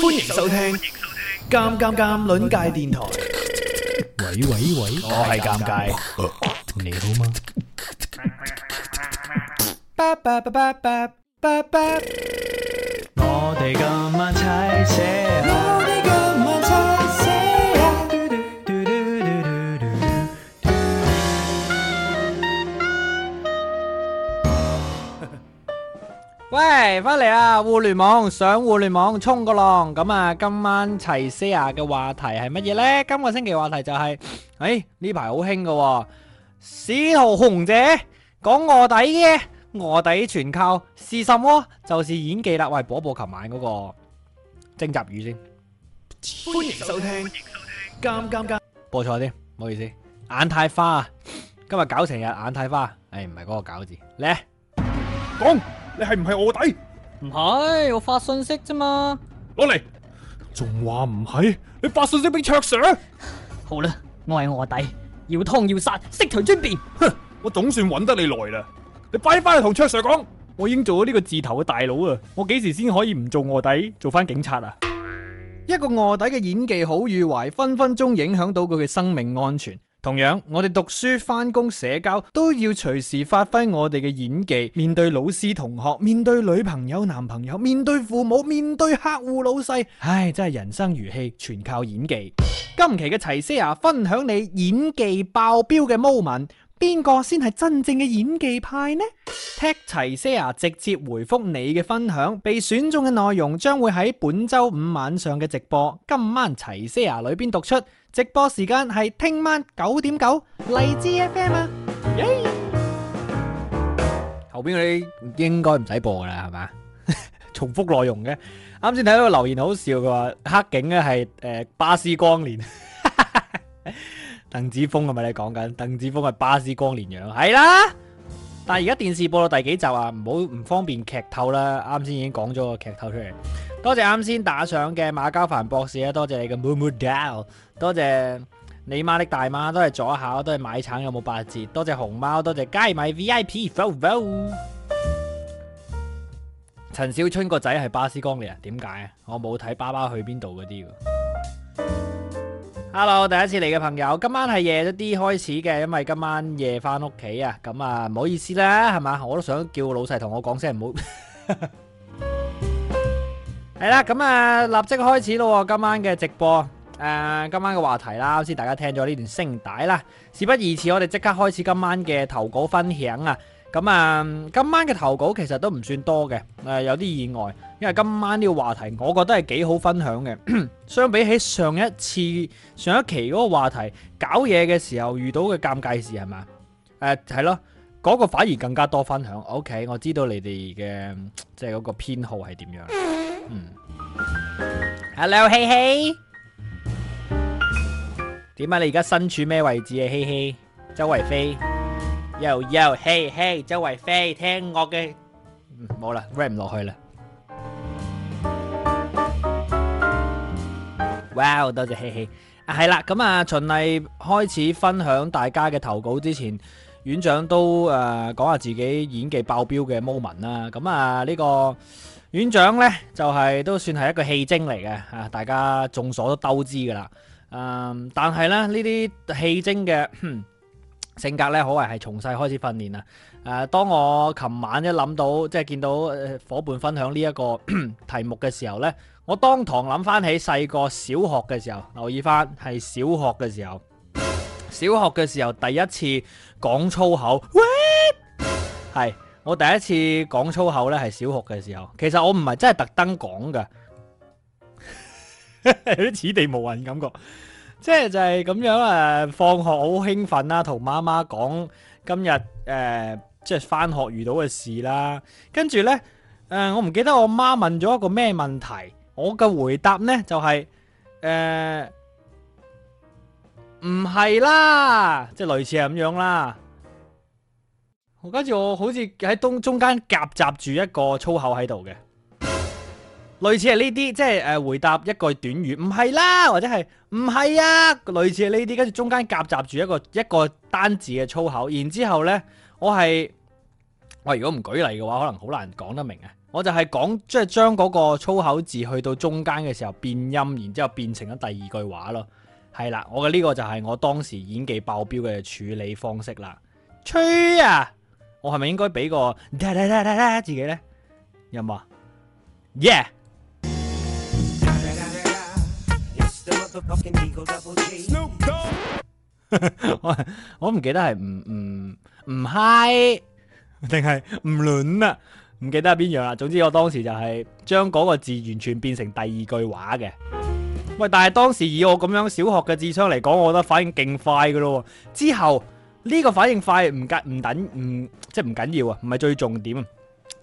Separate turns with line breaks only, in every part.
歡迎收聽《尷尷尷》輪界電台。喂喂喂，我係尷尬，你好嗎？
我哋今晚齊寫。
喂，翻嚟啊！互聯網上互聯網衝個浪，咁啊，今晚齊些牙嘅話題係乜嘢咧？今個星期話題就係，誒呢排好興噶，《使徒行者》講臥底嘅臥底全靠是什麼？就是演技啦！喂，播播，琴晚嗰個《徵集語》先。
歡迎收聽。監監監。
播錯啲，唔好意思，眼太花啊！今日搞成日眼太花，誒唔係嗰個搞字，嚟講。你係唔係臥底？唔係，我發信息啫嘛。攞嚟，仲話唔係？你發信息俾卓 Sir。好啦，我係臥底，要劏要殺，悉隨尊便。哼，我總算揾得你來啦。你快返去同卓 Sir 講，我已經做咗呢個字頭嘅大佬啊！我幾時先可以唔做臥底，做翻警察啊？一個臥底嘅演技好與壞，分分鐘影響到佢嘅生命安全。同樣，我哋讀書、翻工、社交都要隨時發揮我哋嘅演技，面對老師同學，面對女朋友男朋友，面對父母，面對客戶老細。唉，真係人生如戲，全靠演技。今期嘅齊些牙分享你演技爆表嘅 moment，邊個先係真正嘅演技派呢？踢齊些牙直接回覆你嘅分享，被選中嘅內容將會喺本周五晚上嘅直播，今晚齊些牙裏邊讀出。直播時間係聽晚九點九荔枝 F M 啊，後邊啲應該唔使播啦，係嘛？ 重複內容嘅。啱先睇到個留言好笑，佢話黑警啊係誒巴斯光年，鄧智峰係咪你講緊？鄧智峰係巴斯光年樣係啦，但係而家電視播到第幾集啊？唔好唔方便劇透啦。啱先已經講咗個劇透出嚟。多謝啱先打賞嘅馬交凡博士啊，多謝你嘅 m, m o v o v d o w 多謝你媽的大媽都係左考，都係買橙有冇八折？多謝熊貓，多謝街米 VIP 陳小春個仔係巴斯光年啊？點解啊？我冇睇《爸爸去邊度》嗰啲。Hello，第一次嚟嘅朋友，今晚係夜一啲開始嘅，因為今晚夜翻屋企啊，咁啊唔好意思啦，係嘛，我都想叫老細同我講聲唔好。 係啦，咁啊，立即開始咯，今晚嘅直播，誒、呃，今晚嘅話題啦，啱先大家聽咗呢段聲帶啦，事不宜遲，我哋即刻開始今晚嘅投稿分享啊，咁、嗯、啊，今晚嘅投稿其實都唔算多嘅，誒、呃，有啲意外，因為今晚呢個話題，我覺得係幾好分享嘅，相比起上一次上一期嗰個話題，搞嘢嘅時候遇到嘅尷尬事係咪？誒，係、呃、咯。嗰個反而更加多分享。OK，我知道你哋嘅，即係嗰個偏好係點樣。嗯，Hello，希希，點啊？你而家身處咩位置啊？希希，周圍飛，yo yo，希希，周圍飛，聽我嘅，嗯，冇啦，rap 唔落去啦。哇，多謝希希。係啦，咁啊，循例開始分享大家嘅投稿之前。院長都誒講、呃、下自己演技爆表嘅 moment 啦、啊，咁啊呢個院長呢，就係、是、都算係一個戲精嚟嘅吓，大家眾所都知噶啦、啊。嗯，但係咧呢啲戲精嘅性格呢，可謂係從細開始訓練啊。誒，當我琴晚一諗到即係見到夥伴分享呢、這、一個題目嘅時候呢，我當堂諗翻起細個小學嘅時候，留意翻係小學嘅時候，小學嘅時候第一次講粗口，喂，係我第一次講粗口咧，係小學嘅時候。其實我唔係真係特登講噶，有啲此地無銀感覺，即係就係、是、咁樣啊、呃！放學好興奮啦，同媽媽講今日誒，即係翻學遇到嘅事啦。跟住咧，誒、呃，我唔記得我媽問咗一個咩問題，我嘅回答呢就係、是、誒。呃唔係啦，即係類似係咁樣啦。我跟住我好似喺中中間夾雜住一個粗口喺度嘅，類似係呢啲，即係誒回答一句短語，唔係啦，或者係唔係啊，類似係呢啲，跟住中間夾雜住一個一個單字嘅粗口，然之後呢我係我如果唔舉例嘅話，可能好難講得明啊。我就係講即係將嗰個粗口字去到中間嘅時候變音，然之後變成咗第二句話咯。係啦，我嘅呢個就係我當時演技爆表嘅處理方式啦。吹啊！我係咪應該俾個啦啦啦啦啦自己咧？有冇啊
？Yeah！
我我唔記得係唔唔唔嗨定係唔亂啊？唔、嗯、記得係邊樣啊？總之我當時就係將嗰個字完全變成第二句話嘅。喂，但係當時以我咁樣小學嘅智商嚟講，我覺得反應勁快噶咯。之後呢個反應快唔緊唔等唔即係唔緊要啊，唔係最重點。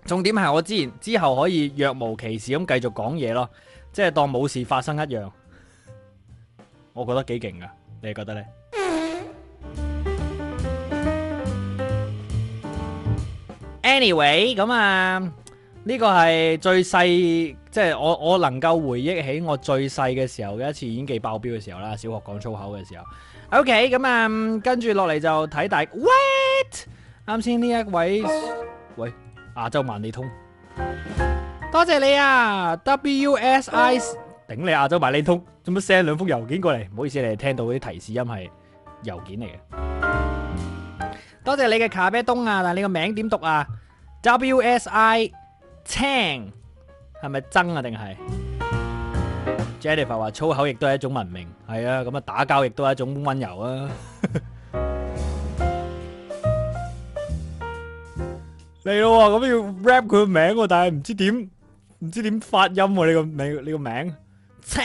重點係我之前之後可以若無其事咁繼續講嘢咯，即係當冇事發生一樣。我覺得幾勁噶，你覺得呢？Anyway，咁啊。呢個係最細，即係我我能夠回憶起我最細嘅時候嘅一次演技爆表嘅時候啦，小學講粗口嘅時候。OK，咁啊，跟住落嚟就睇大，what？啱先呢一位，喂，亞洲萬里通，多謝你啊，WSI，頂你亞洲萬里通，做乜 send 兩封郵件過嚟？唔好意思，你係聽到啲提示音係郵件嚟嘅。多謝你嘅咖啡東啊，但係你個名點讀啊？WSI。青係咪真啊？定係 Jennifer 話粗口亦都係一種文明，係啊，咁啊打交亦都係一種溫柔啊。嚟咯，咁要 rap 佢個名，但係唔知點，唔知點發音你個名你個名青。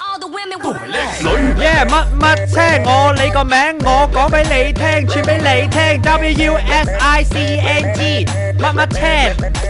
All the women Relax。Yeah，乜乜青？我你個名，我講俾你聽，傳俾你聽。W U S I C N G，乜乜青？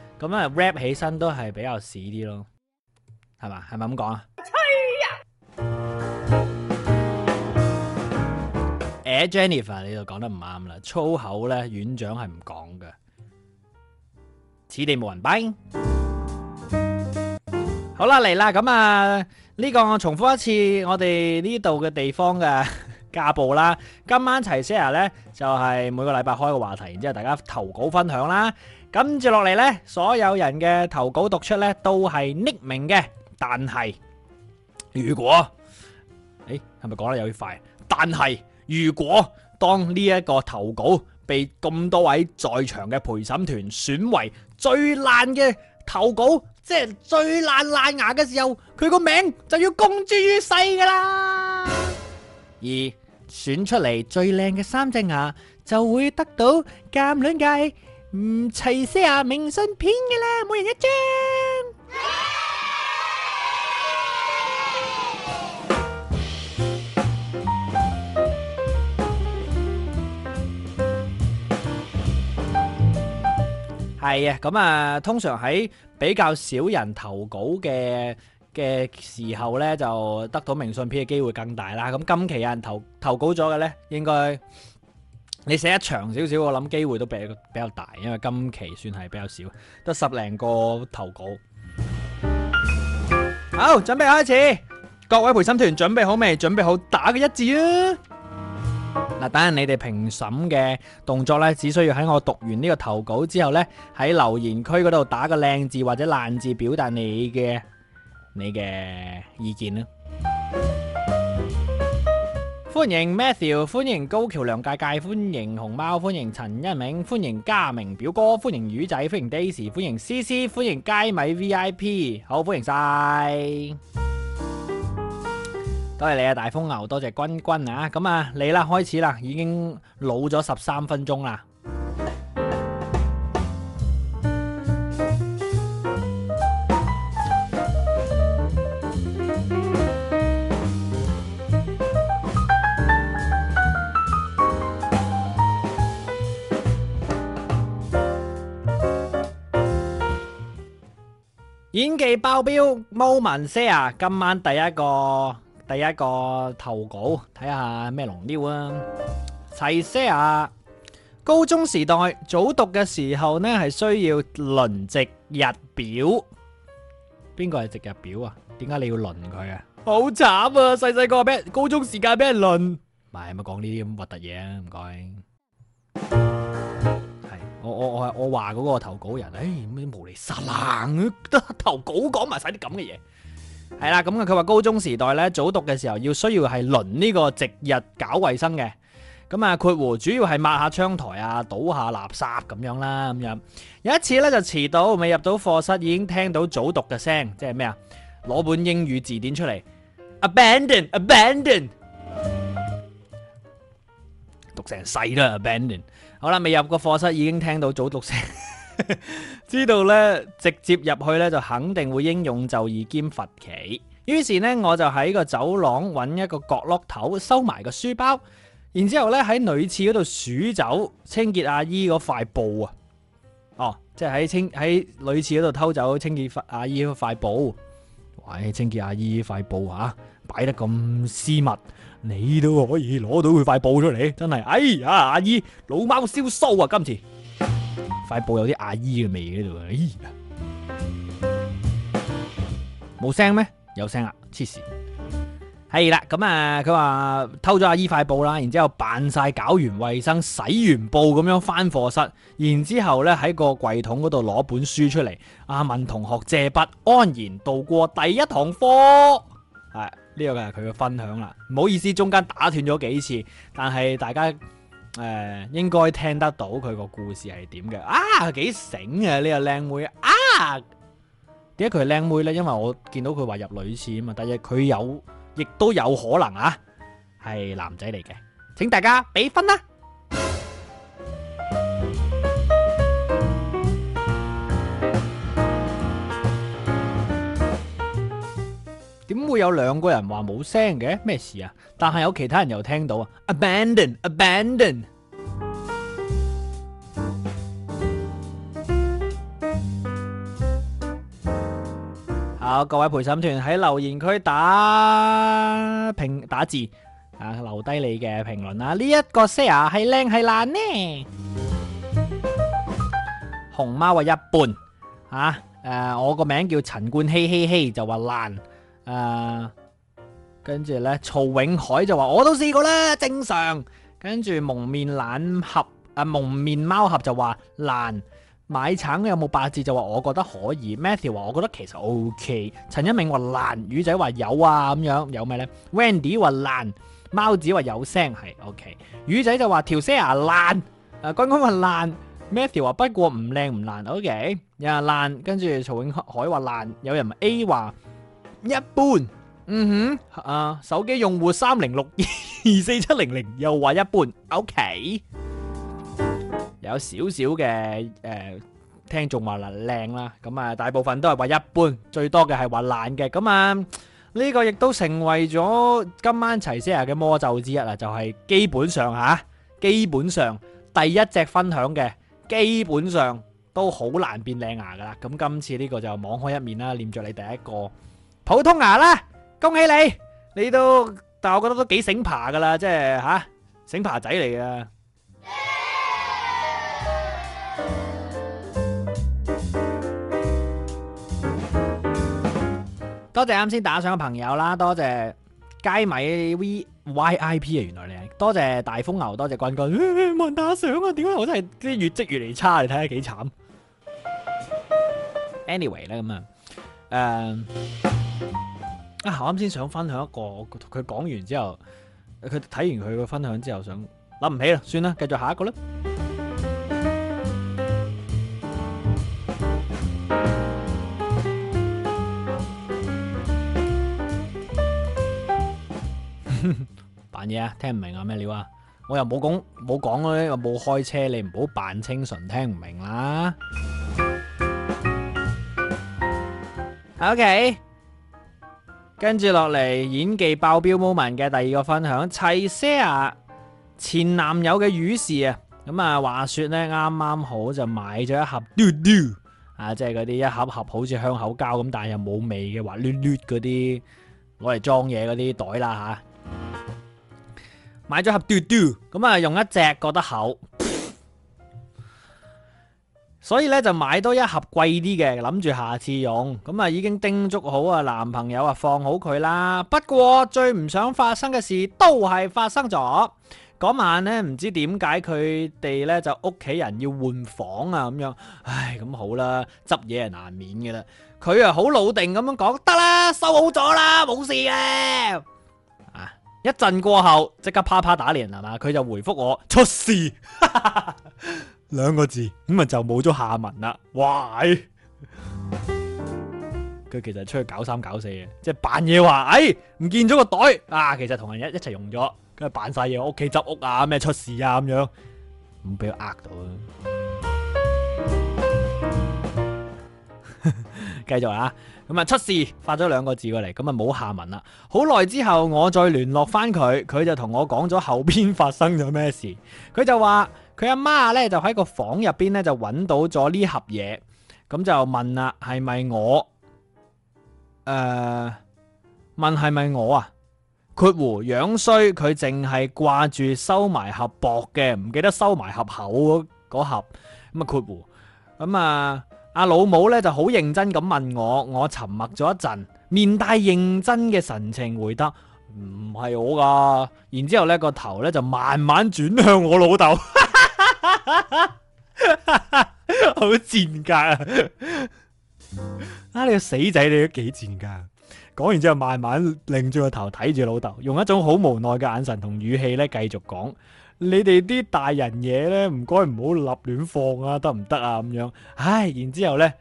咁啊，rap 起身都係比較屎啲咯，係嘛？係咪咁講啊？
吹啊！
誒，Jennifer，你就講得唔啱啦！粗口咧，院長係唔講嘅。此地無人兵。好啦，嚟啦！咁啊，呢個我重複一次，我哋呢度嘅地方嘅家暴啦。今晚齊些牙咧就係每個禮拜開個話題，然之後大家投稿分享啦。跟住落嚟呢，所有人嘅投稿讀出呢，都係匿名嘅。但係如果，誒，係咪講得有啲快？但係如果當呢一個投稿被咁多位在場嘅陪審團選為最爛嘅投稿，即係最爛爛牙嘅時候，佢個名就要公諸於世噶啦。而選出嚟最靚嘅三隻牙就會得到鑒卵戒。唔齊寫啊明信片嘅啦，每人一張。係啊，咁啊，通常喺比較少人投稿嘅嘅時候呢，就得到明信片嘅機會更大啦。咁今期有人投投稿咗嘅呢，應該。你寫得長少少，我諗機會都比比較大，因為今期算係比較少，得十零個投稿。好，準備開始，各位陪審團準備好未？準備好打個一字啊！嗱，等下你哋評審嘅動作呢，只需要喺我讀完呢個投稿之後呢，喺留言區嗰度打個靚字或者爛字表達你嘅你嘅意見啦。歡迎 Matthew，歡迎高橋梁介介，歡迎熊貓，歡迎陳一鳴，歡迎嘉明表哥，歡迎魚仔，歡迎 Daisy，歡迎 C C，歡迎街米 V I P，好，歡迎晒，多謝你啊，大風牛，多謝君君啊，咁啊你啦開始啦，已經老咗十三分鐘啦。演技爆表，Moment Share！今晚第一個第一個投稿，睇下咩龍料啊！齊些牙，高中時代早讀嘅時候呢，係需要輪值日表。邊個係值日表啊？點解你要輪佢啊？好慘啊！細細個俾人高中時間俾人輪，咪係咪講呢啲咁核突嘢啊？唔該。我我我我話嗰個投稿人，誒咩無厘殺難，都投稿講埋晒啲咁嘅嘢，係啦。咁啊佢話高中時代咧早讀嘅時候要需要係輪呢個值日搞衞生嘅，咁啊括弧主要係抹下窗台啊，倒下垃圾咁樣啦，咁樣有一次咧就遲到，未入到課室已經聽到早讀嘅聲，即係咩啊攞本英語字典出嚟 abandon abandon 讀成細啦 abandon 好啦，未入個課室已經聽到早讀聲， 知道咧直接入去咧就肯定會英勇就義兼罰企。於是呢，我就喺個走廊揾一個角落頭收埋個書包，然之後咧喺女廁嗰度鼠走清潔阿姨嗰塊布啊！哦，即係喺清喺女廁嗰度偷走清潔阿姨嗰塊布。清潔阿姨，這塊布吓擺、啊、得咁私密，你都可以攞到佢塊布出嚟，真係，哎呀，阿姨老貓燒鬚啊，今次塊布有啲阿姨嘅味喺度啊，哎、冇聲咩？有聲啊，黐線！係啦，咁啊，佢、嗯、話偷咗阿姨塊布啦，然之後扮晒搞完衛生、洗完布咁樣返課室，然之後呢喺個櫃桶嗰度攞本書出嚟，阿、啊、文同學借筆，安然度過第一堂課。係、哎、呢、這個就係佢嘅分享啦，唔好意思，中間打斷咗幾次，但係大家誒、呃、應該聽得到佢個故事係點嘅。啊，幾醒啊呢個靚妹啊！點解佢係靚妹呢？因為我見到佢話入女廁啊嘛，但係佢有。亦都有可能啊，係男仔嚟嘅，請大家俾分啦。點會有兩個人話冇聲嘅？咩事啊？但係有其他人又聽到啊，Abandon，Abandon。各位陪審團喺留言區打評打字啊，留低你嘅評論啊！呢、這、一個 share 係靚係爛呢？ 熊貓話一半啊，誒、呃，我個名叫陳冠希，希希就話爛，誒、啊，跟住咧曹永海就話我都試過啦，正常。跟住蒙面懶俠啊，蒙面貓俠就話爛。買橙嘅有冇八字就話我覺得可以，Matthew 話我覺得其實 OK，陳一鳴話爛，魚仔話有啊咁樣，有咩咧？Wendy 話爛，貓子話有聲係 O K，魚仔就話條聲啊爛，啊軍哥話爛，Matthew 話不過唔靚唔爛 O K，呀爛，跟住曹永海話爛，有人說 A 話一般，嗯哼，啊、呃、手機用戶三零六二四七零零又話一般 O K。OK 有少少嘅誒聽眾話嗱靚啦，咁啊大部分都係話一般，最多嘅係話爛嘅，咁啊呢個亦都成為咗今晚齊些牙嘅魔咒之一啦，就係基本上嚇，基本上第一隻分享嘅基本上都好難變靚牙噶啦，咁今次呢個就網開一面啦，念著你第一個普通牙啦，恭喜你，你都但我覺得都幾醒爬噶啦，即係嚇醒爬仔嚟嘅。多謝啱先打賞嘅朋友啦，多謝街米 V Y I P 啊，原來你係，多謝大風牛，多謝君君！冇、欸、人打賞啊，點解我真係啲業績越嚟越差？你睇下幾慘。Anyway 咧，咁啊，誒，啊，啱先想分享一個，佢講完之後，佢睇完佢嘅分享之後想想，想諗唔起啦，算啦，繼續下一個啦。扮嘢啊！聽唔明啊？咩料啊？我又冇講冇講嗰，又冇開車，你唔好扮清純，聽唔明啦。OK，跟住落嚟演技爆表 moment 嘅第二個分享，齊些牙前男友嘅雨事啊。咁啊，話說呢，啱啱好就買咗一盒嘟嘟，啊，即係嗰啲一盒一盒好似香口膠咁，但係又冇味嘅，滑捋捋嗰啲，攞嚟裝嘢嗰啲袋啦吓。啊買咗盒嘟嘟，咁啊用一隻覺得厚，所以呢，就買多一盒貴啲嘅，諗住下次用。咁啊已經叮囑好啊男朋友啊放好佢啦。不過最唔想發生嘅事都係發生咗。嗰晚呢，唔知點解佢哋呢就屋企人要換房啊咁樣。唉，咁好啦，執嘢係難免嘅啦。佢啊好老定咁樣講，得啦，收好咗啦，冇事嘅。一陣過後，即刻啪啪打臉係咪？佢就回覆我出事，兩 個字，咁啊就冇咗下文啦。哇！佢、哎、其實出去搞三搞四嘅，即、就、係、是、扮嘢話，哎唔見咗個袋啊！其實同人一一齊用咗，跟住扮晒嘢，屋企執屋啊，咩出事啊咁樣，唔俾佢呃到啦。繼 續啊！咁啊出事，發咗兩個字過嚟，咁啊冇下文啦。好耐之後，我再聯絡翻佢，佢就同我講咗後邊發生咗咩事。佢就話佢阿媽呢，就喺個房入邊呢，就搵到咗呢盒嘢，咁就問啦係咪我？誒、呃，問係咪我啊？括弧，樣衰，佢淨係掛住收埋盒薄嘅，唔記得收埋盒厚嗰盒。咁啊括弧，咁、嗯、啊。呃阿老母咧就好認真咁問我，我沉默咗一陣，面帶認真嘅神情回答：唔係我噶。然之後咧個頭咧就慢慢轉向我老豆， 好賤格啊！ 啊你個死仔你都幾賤格！講完之後慢慢擰住個頭睇住老豆，用一種好無奈嘅眼神同語氣咧繼續講。你哋啲大人嘢咧，唔該唔好立亂放啊，得唔得啊？咁樣，唉，然之後咧，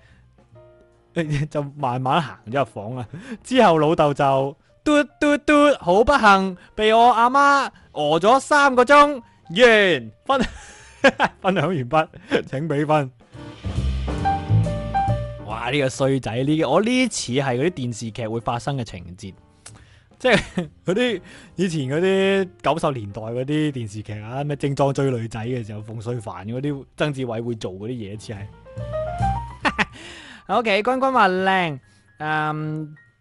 就慢慢行咗入房啦。之後老豆就嘟嘟嘟，好不幸被我阿媽餓咗三個鐘。完分享哈哈分享完畢，請俾分。哇！呢、呢個衰仔，呢我呢次係嗰啲電視劇會發生嘅情節。即係嗰啲以前嗰啲九十年代嗰啲電視劇啊，咩精裝追女仔嘅時候，馮淬帆嗰啲，曾志偉會做嗰啲嘢，似係。 Ok，君君話靚，嗯、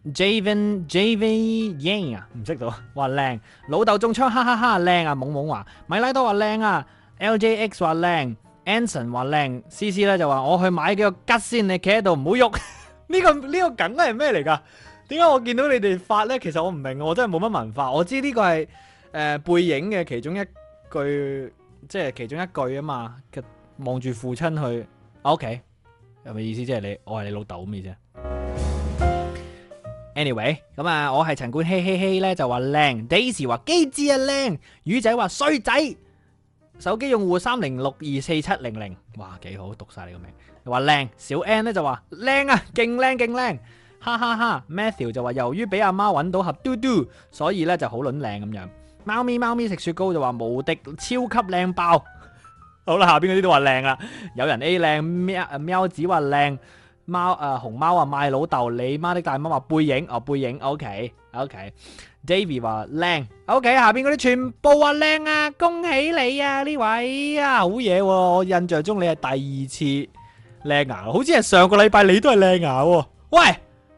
um,，Javen Javen Yang 啊，唔識到，話靚，老豆中槍，哈哈哈，靚啊，懵懵話，米拉多話靚啊，L J X 話靚，Anson 話靚，C C 咧就話我去買幾個吉先，你企喺度唔好喐，呢、 呢個呢、呢個梗係咩嚟噶？點解我見到你哋發咧？其實我唔明白，我真係冇乜文化。我知呢個係誒、呃、背影嘅其中一句，即係其中一句啊嘛。望住父親去，OK 係有咪有意思？即、就、係、是、你，我係你老豆咁意思 Anyway 咁啊，我係陳冠希，希希咧就話靚，Daisy 話機智啊靚，魚仔話衰仔，手機用戶三零六二四七零零，哇幾好讀晒，你個名。話靚，小 N 咧就話靚啊，勁靚勁靚。哈哈哈，Matthew 就話由於俾阿媽揾到盒嘟嘟，所以咧就好卵靚咁樣。貓咪貓咪食雪糕就話無敵超級靚爆。 好啦，下邊嗰啲都話靚啊，有人 A 靚，喵喵子話靚，貓、呃、紅熊貓話賣老豆，你媽的大媽話背影哦背影，OK OK，David、okay. 話靚，OK 下邊嗰啲全部話靚啊，恭喜你啊呢位啊好嘢、啊，我印象中你係第二次靚牙、啊，好似係上個禮拜你都係靚牙喎，喂。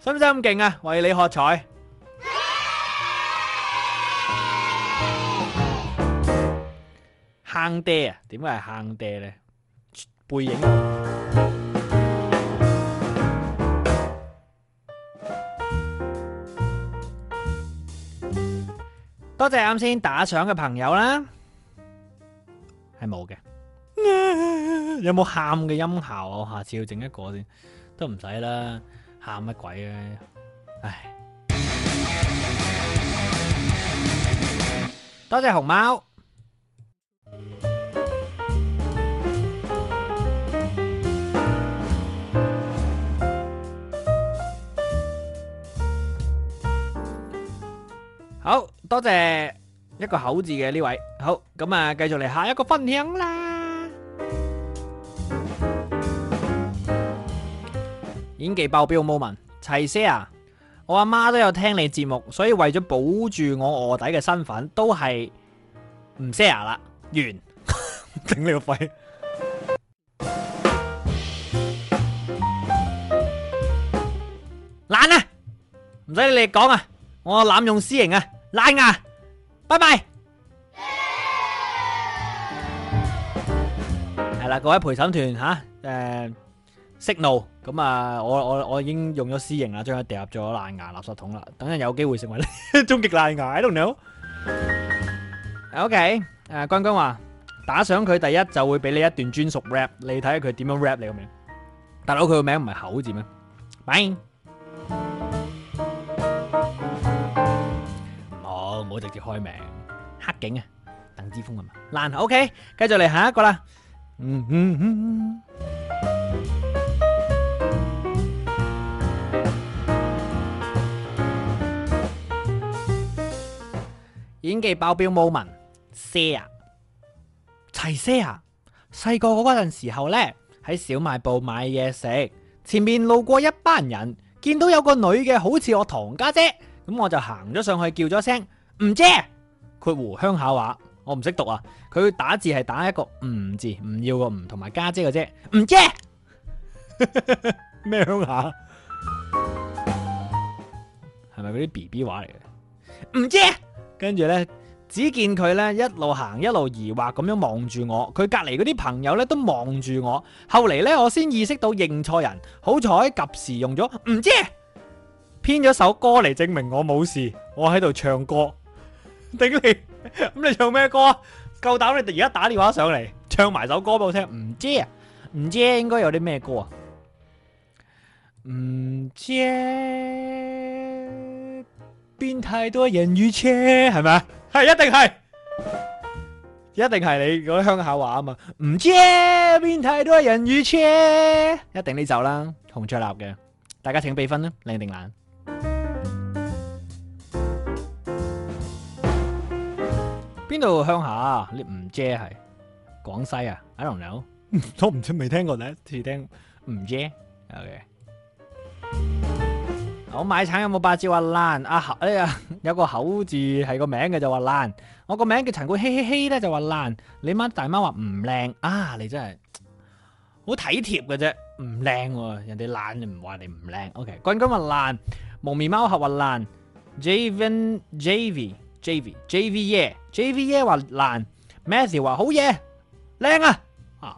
使唔使咁勁啊？為你喝彩！坑爹啊，點解係坑爹咧？背影。多謝啱先打賞嘅朋友啦，係冇嘅。有冇喊嘅音效啊？我下次要整一個先，都唔使啦。喊乜鬼呀？唉，多謝熊貓，好多謝一個口字嘅呢位。好，咁啊，繼續嚟下一個分享啦。演技爆表 moment，齊 Sir，我阿媽都有聽你節目，所以為咗保住我卧底嘅身份，都係唔 share 啦。完，頂你個肺！懶啊，唔使你嚟講啊，我濫用私刑啊，懶啊，拜拜。係啦，各位陪審團吓，誒，息怒。咁啊，我我我已經用咗私營啦，將佢掉入咗爛牙垃圾桶啦，等陣有機會成為終極爛牙。I don't know。OK，誒，君君話打賞佢第一就會俾你一段專屬 rap，你睇下佢點樣 rap 你個名。大佬佢個名唔係口字咩？bin。唔好，唔好直接開名。黑警啊，鄧之峰啊，難。OK，繼續嚟下一個啦。嗯嗯嗯。演技爆表 moment，些牙齊些牙啊！細個嗰陣時候咧，喺小賣部買嘢食，前面路過一班人，見到有個女嘅好似我堂家姐，姐，咁我就行咗上去叫咗聲唔姐？嗯」佢湖鄉下話，我唔識讀啊！佢打字係打一個唔、嗯、字，唔、嗯、要個唔同埋家姐嘅姐」嗯。 「唔姐？嗯」「咩鄉下？係咪嗰啲 B B 話嚟嘅？唔姐？」跟住呢，只見佢呢一路行一路疑惑咁樣望住我，佢隔籬嗰啲朋友呢都望住我。後嚟呢，我先意識到認錯人，好彩及時用咗唔知，編咗首歌嚟證明我冇事，我喺度唱歌。頂你咁 你唱咩歌啊？夠膽你而家打電話上嚟，唱埋首歌俾我聽。唔知唔知應該有啲咩歌啊？唔知。邊太多人與車係咪啊？係一定係，一定係你嗰啲鄉下話啊嘛。唔遮邊太多人與車，一定你走啦，同雀立嘅。大家請俾分啦，靚定懶。邊度鄉下？你唔遮係廣西啊？I don't know？我唔知未聽過，第一次聽唔遮，O K。我買橙有冇八字話爛？啊，哎、啊、呀，有個口字係個名嘅就話爛。我個名叫陳冠希希希咧就話爛。你媽大媽話唔靚啊，你真係好體貼㗎啫，唔靚、啊。人哋爛就唔話你唔靚。OK，冠冠話爛，蒙面貓俠話爛，Javen Jv Jv Jv 耶，Jv 耶話爛 Matthew 話好嘢，靚啊，啊，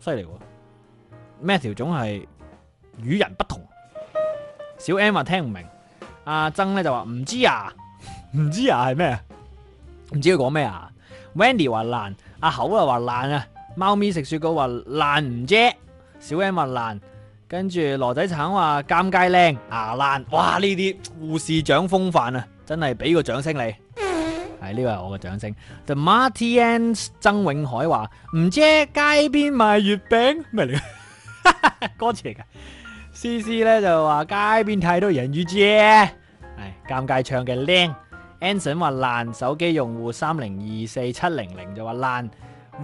犀利、啊。Matthew 總係與人不同。小 m m a 聽唔明，阿曾咧就話唔知啊，唔知啊係咩，唔知佢講咩啊。Wendy 話爛，阿、啊、口又話爛啊，貓咪食雪糕話爛唔知，小 m m a 爛，跟住羅仔橙話尷尬靚牙爛，哇呢啲護士長風範啊，真係俾個掌聲你，係呢個係我嘅掌聲。就、嗯、Martin 曾永海話唔知街邊賣月餅咩嚟嘅， 歌詞嚟嘅。Cici 咧就話街邊太多人與姐，唉，尷尬唱嘅靚，Anson 話爛，手機用戶三零二四七零零就話爛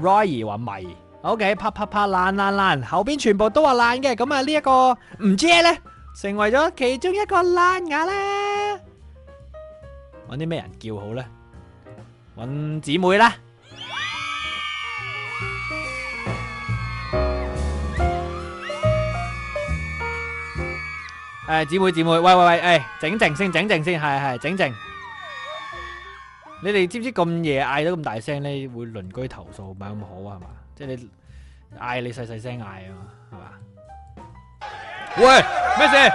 ，Roy 話迷，OK 啪啪啪爛爛爛，後邊全部都話爛嘅，咁啊呢一個唔知咧，成為咗其中一個爛牙啦，揾啲咩人叫好咧？揾姊妹啦。誒，姊妹姊妹，喂喂喂，誒，整靜先，整靜先，係係，整靜。你哋知唔知咁夜嗌到咁大聲咧，會鄰居投訴，唔係咁好啊，係嘛？即係你嗌你細細聲嗌啊，係嘛？喂，咩事？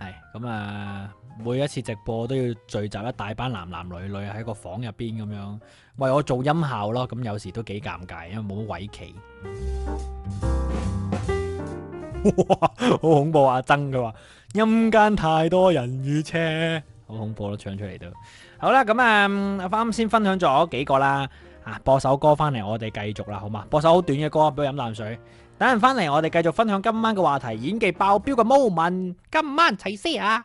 係，咁啊。每一次直播都要聚集一大班男男女女喺個房入邊咁樣，為我做音效咯。咁有時都幾尷尬，因為冇位企。 好恐怖啊！曾佢話陰間太多人與車，好恐怖咯，唱出嚟，都好啦。咁、嗯、啊，啱先分享咗幾個啦，啊，播首歌翻嚟，我哋繼續啦，好嘛？播首好短嘅歌，俾我飲啖水。等陣翻嚟，我哋繼續分享今晚嘅話題，演技爆表嘅 moment，今晚齊些牙！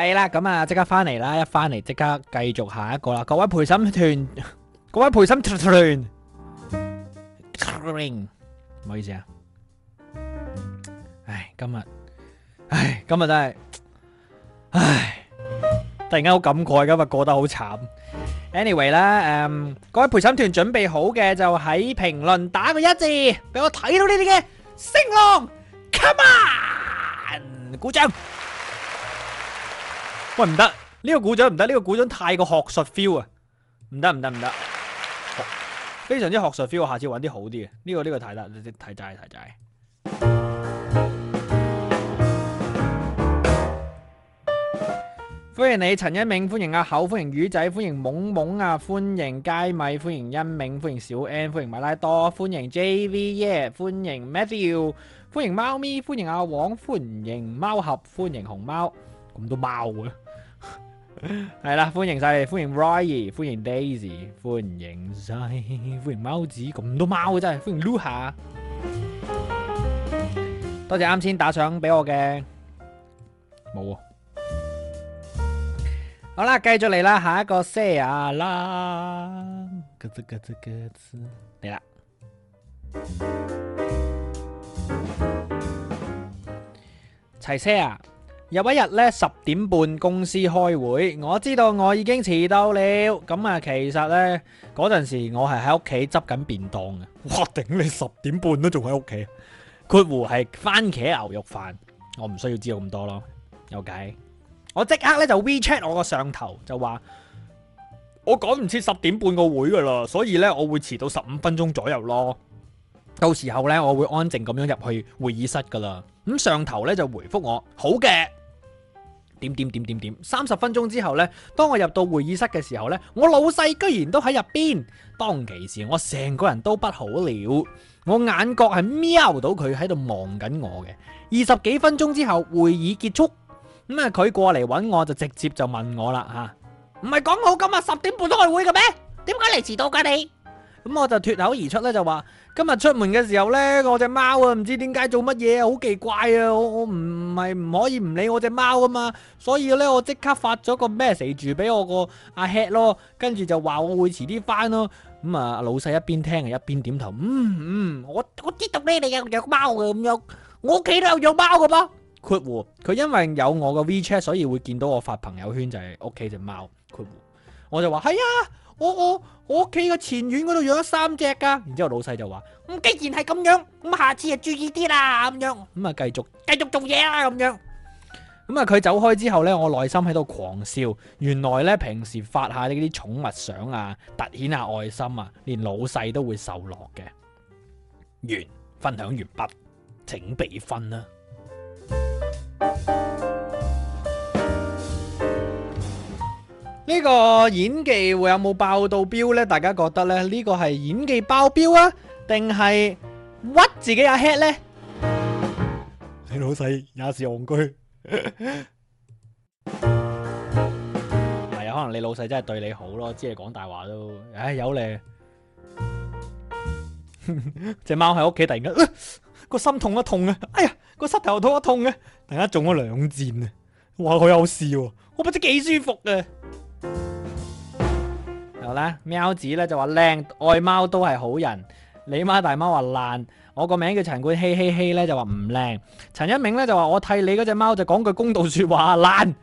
係啦，咁啊，即刻翻嚟啦，一翻嚟即刻繼續下一個啦。各位陪審團，各位陪審團，唔好意思啊。唉，今日，唉，今日真係，唉，突然間好感慨，今日過得好慘。Anyway 啦，誒，各位陪審團準備好嘅就喺評論打個一字，俾我睇到你哋嘅聲浪。Come on，鼓掌。喂，唔得，呢個古仔唔得，呢個古仔太過學術 feel 啊！唔得唔得唔得，非常之學術 feel，下次搵啲好啲嘅。呢個呢個睇得，睇齋睇齋。歡迎你陳一鳴，歡迎阿口，歡迎魚仔，歡迎懵懵啊，歡迎佳米，歡迎欣明，歡迎小 N，歡迎馬拉多，歡迎 J V Yeah，歡迎 Matthew，歡迎貓咪，歡迎阿黃，歡迎貓俠，歡迎熊貓，咁多貓啊。係啦，歡迎晒你，歡迎 Roy，歡迎 Daisy，歡迎晒，歡迎貓子，咁多貓真係，歡迎 Luha。多謝啱先打賞俾我嘅，冇啊。好啦，繼續嚟啦，下一個 say 啊，啦，咯吱咯吱咯吱，嚟啦，齊 say 啊。有一日咧，十點半公司開會，我知道我已經遲到了。咁啊，其實呢，嗰陣時我係喺屋企執緊便當嘅。哇頂你十點半都仲喺屋企？括弧係番茄牛肉飯，我唔需要知道咁多咯。有計，OK，我即刻咧就 WeChat 我個上頭就話，我趕唔切十點半個會噶啦，所以呢，我會遲到十五分鐘左右咯。到時候呢，我會安靜咁樣入去會議室噶啦。咁上頭呢，就回覆我好嘅。點點點點點，三十分鐘之後呢，當我入到會議室嘅時候呢，我老細居然都喺入邊。當其時，我成個人都不好了，我眼角係瞄到佢喺度望緊我嘅。二十幾分鐘之後，會議結束，咁啊佢過嚟揾我就直接就問我啦吓，唔係講好今日十點半開會嘅咩？點解嚟遲到噶你？咁、嗯、我就脱口而出咧就話。今日出門嘅時候呢，我隻貓啊，唔知點解做乜嘢好奇怪啊！我唔係唔可以唔理我隻貓啊嘛，所以呢，我即刻發咗個 message 俾我個阿 head 咯，跟住就話我會遲啲翻咯。咁、嗯、啊，老細一邊聽啊一邊點頭，嗯嗯，我我知道呢，你有養貓嘅咁樣，我屋企都有養貓嘅噃。括弧，佢因為有我個 WeChat，所以會見到我發朋友圈就係屋企隻貓。括弧，我就話係啊。我我我屋企個前院嗰度養咗三隻噶然之後老細就話：，咁既然係咁樣，咁下次啊，注意啲啦，咁樣，咁啊繼續繼續做嘢啦，咁樣。咁啊佢走開之後呢，我內心喺度狂笑，原來呢，平時發下呢啲寵物相啊，凸顯下愛心啊，連老細都會受落嘅。完，分享完畢，請俾分啦、啊。呢個演技會有冇爆到表呢？大家覺得咧呢、呢個係演技爆表啊，定係屈自己阿 head 咧？你老細也是戇居，係 啊？可能你老細真係對你好咯，只係講大話都。唉、哎，有你， 隻貓喺屋企突然間、呃、個心痛一痛嘅、啊，哎呀個膝頭痛一痛嘅、啊，突然間中咗兩箭啊！哇，好有笑、啊，我不知幾舒服啊！咧，喵子咧就話靚，愛貓都係好人。你媽大貓話爛，我個名叫陳冠希，希希咧就話唔靚。陳一鳴咧就話我替你嗰隻貓就講句公道說話爛。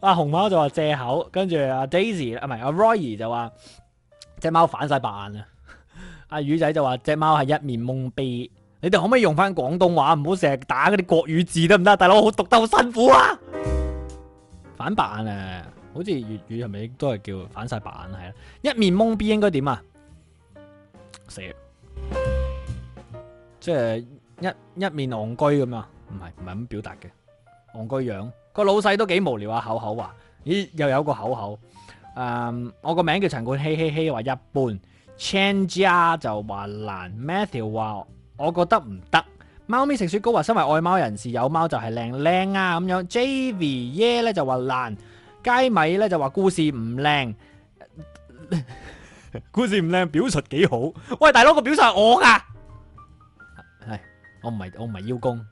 阿、啊、紅貓就話借口，跟住阿 Daisy 啊唔係阿 Roy 就話隻貓反晒白眼啊。阿魚仔就話隻貓係一面懵逼。你哋可唔可以用翻廣東話，唔好成日打嗰啲國語字得唔得？大佬我讀得好辛苦啊！反白眼啊！好似粵語係咪都係叫反晒白眼係啦？一面懵逼應該點啊？死！即係一一面戇居咁啊？唔係唔係咁表達嘅戇居樣個老細都幾無聊啊！口口話咦又有個口口誒、嗯，我個名叫陳冠希，希希話一般，Changia 就話難，Matthew 話我覺得唔得，貓咪食雪糕話，身為愛貓人士，有貓就係靚靚啊咁樣，J V 耶咧就話爛。雞米咧就話故事唔靚，故事唔靚，表述幾好。喂，大佬，個表述係我噶，係我，唔係我，唔係邀功。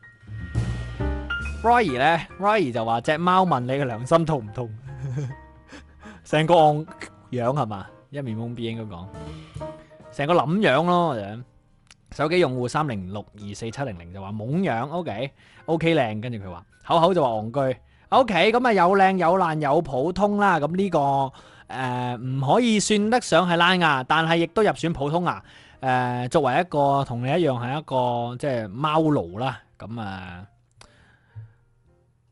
Roy 咧，Roy 就話隻貓問你個良心痛唔痛？成個戇樣係嘛？一面懵逼應該講，成個冧樣咯。手機用戶三零六二四七零零就話懵樣，OK OK 靚，跟住佢話口口就話戇居。O K，咁啊有靚有爛有普通啦，咁呢個誒唔可以算得上係爛牙，但係亦都入選普通牙。誒，作為一個同你一樣係一個即係貓奴啦，咁啊，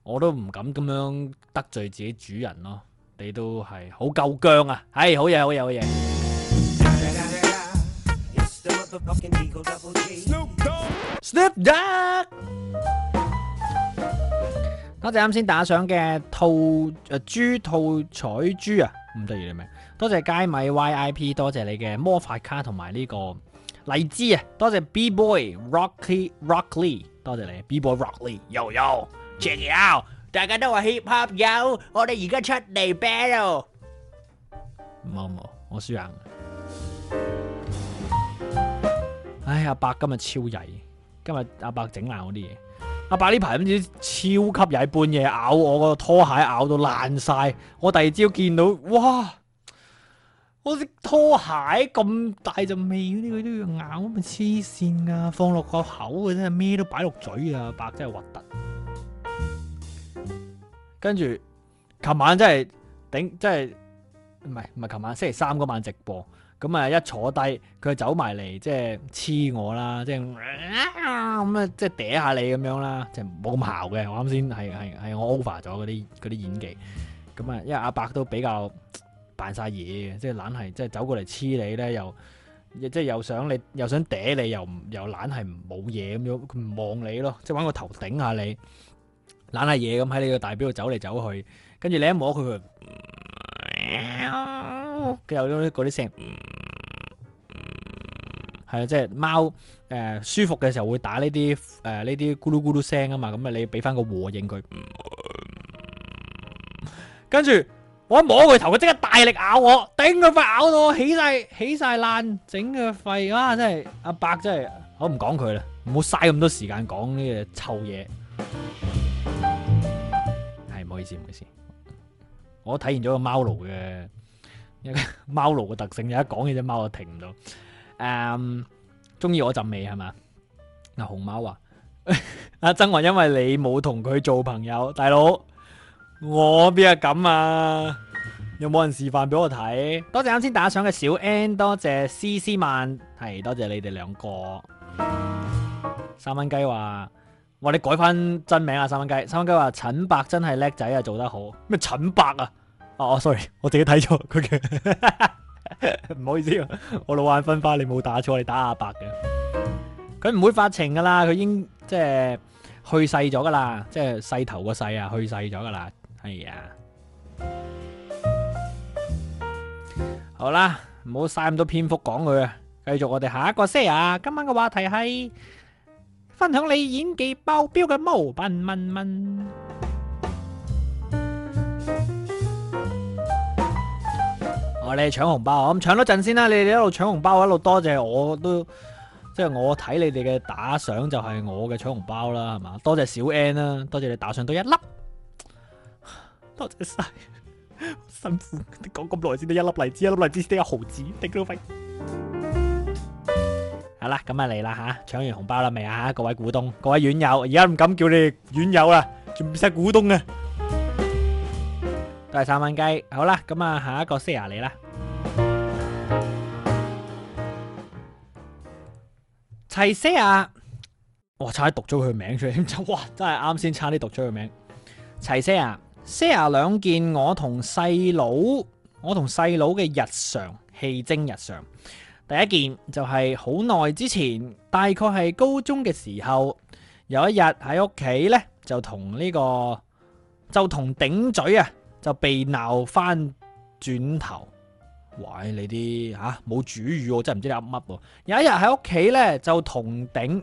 我都唔敢咁樣得罪自己主人咯。你都係好夠薑啊！係，好嘢，好嘢，好嘢。多謝啱先打賞嘅兔誒豬、啊、兔彩豬啊，唔得意你咩？多謝佳米 VIP，多謝你嘅魔法卡同埋呢個荔枝啊！多謝 B Boy Rockly Rockly，多謝你 B Boy Rockly，Yo Yo check out，大家都話 hip hop 有，我哋而家出嚟 battle，冇冇，我輸硬。唉，阿伯今日超曳，今日阿伯整爛我啲嘢。阿伯呢排都知超級曳，半夜咬我個拖鞋咬到爛晒。我第二朝見到哇，我啲拖鞋咁大陣味，呢個都要咬咁，咪黐線㗎，放落個口啊，真係咩都擺落嘴啊，阿伯真係核突。跟住琴晚真係頂，真係唔係唔係，琴晚星期三嗰晚直播。咁啊，一坐低佢就走埋嚟，即係黐我啦，即係咁咧，即係嗲下你咁樣啦，即係冇咁姣嘅。我啱先係係係我 over 咗嗰啲嗰啲演技。咁啊，因為阿伯都比較扮晒嘢嘅，即係懶係，即係走過嚟黐你咧，又即係又想你又想嗲你，又唔又懶係冇嘢咁樣，佢唔望你咯，即係揾個頭頂下你，攬下嘢咁喺你個大表度走嚟走去，跟住你一摸佢。佢有啲嗰啲聲，係啊，即係貓誒舒服嘅時候會打呢啲誒呢啲咕嚕咕嚕聲啊嘛，咁啊你俾翻個和應佢，嗯、跟住我一摸佢頭，佢即刻大力咬我，頂佢塊咬到我起晒起晒爛，整佢個肺，哇！真係阿伯真係，我唔講佢啦，唔好嘥咁多時間講呢嘢臭嘢，係唔好意思，唔好意思。我體現咗個貓奴嘅一貓奴嘅特性，一講起隻貓就停唔到。誒、um,，中意我陣味係嘛？阿、啊、紅貓話、啊：阿曾雲，因為你冇同佢做朋友，大佬我邊有咁啊？有冇人示範俾我睇？多謝啱先打賞嘅小 N，多謝 C C 萬，係多謝你哋兩個。三蚊雞話：我你改翻真名啊！三蚊雞，三蚊雞話：陳伯真係叻仔啊，做得好。咩陳伯啊？哦、oh,，sorry，我自己睇錯佢嘅，唔好意思， 我老眼昏花，你冇打錯，你打阿伯嘅。佢 唔會發情噶啦，佢已經即係去世咗噶啦，即係細頭個細啊去世咗噶啦，係啊。好啦，唔好嘥咁多篇幅講佢，繼續我哋下一個 share。今晚嘅話題係分享你演技爆表嘅 Moment Moment。我哋搶紅包啊！咁搶多陣先啦，你哋一路搶紅包，一路多謝，謝我都，即係我睇你哋嘅打賞就係我嘅搶紅包啦，係嘛？多謝小 N 啦，多謝你打賞多一粒，多謝晒，辛苦！講咁耐先得一粒荔枝，一粒荔枝得一毫子的咯費。好啦，咁啊嚟啦吓，搶完紅包啦未啊？各位股東、各位院友，而家唔敢叫你院友啦，仲唔都股東啊！都係三蚊雞，好啦，咁啊，下一個 Sir 你啦，齊 Sir，我差啲讀咗佢名出嚟，哇，真係啱先差啲讀咗佢名。齊 Sir，Sir 兩件我同細佬，我同細佬嘅日常戲精日常，第一件就係好耐之前，大概係高中嘅時候，有一日喺屋企咧，就同呢個就同頂嘴啊！就被鬧翻轉頭，喂，你啲吓冇主語，我真係唔知你噏乜喎。」有一日喺屋企咧，就同頂，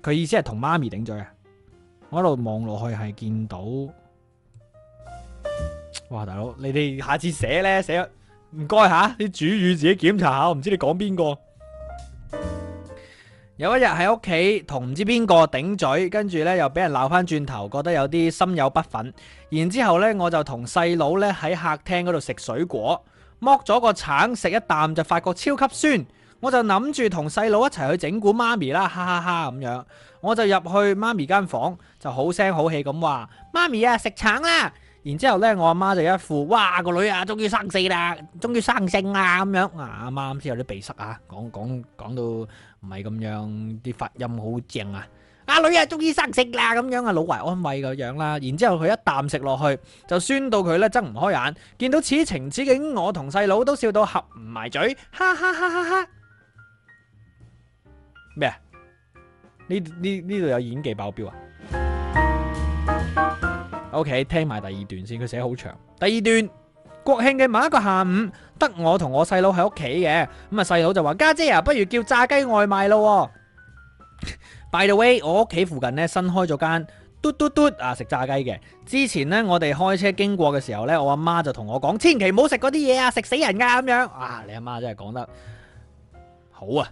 佢意思係同媽咪頂嘴啊！我一路望落去係見到，哇！大佬，你哋下次寫咧寫唔該吓啲主語自己檢查下，我唔知你講邊個？有一日喺屋企同唔知邊個頂嘴，跟住呢又俾人鬧返轉頭，覺得有啲心有不忿。然之後呢，我就同細佬呢喺客廳嗰度食水果，剝咗個橙食一啖就發覺超級酸，我就諗住同細佬一齊去整蠱媽咪啦，哈哈哈咁樣。我就入去媽咪間房，就好聲好氣咁話：媽咪啊，食橙啦！然之後呢，我阿媽就一副哇個女啊，終於生性啦，終於生性啦、啊、咁樣。阿阿媽先有啲鼻塞啊，講講講到唔係咁樣，啲發音好正啊。阿女啊，終於、啊、生性啦咁樣啊，樣老懷安慰個樣啦。然之後佢一啖食落去，就酸到佢呢，睜唔開眼。見到此情此景，我同細佬都笑到合唔埋嘴，
哈哈哈哈哈！
咩啊？呢呢呢度有演技爆表啊！O、okay, K，聽埋第二段先，佢寫好長。第二段，國慶嘅某一個下午，得我同我細佬喺屋企嘅。咁啊，細佬就話：家姐啊，不如叫炸雞外賣咯。By the way，我屋企附近呢，新開咗間嘟嘟嘟、嘟啊食炸雞嘅。之前呢，我哋開車經過嘅時候呢，我阿媽就同我講：千祈唔好食嗰啲嘢啊，食死人噶咁樣。啊，你阿媽真係講得好啊！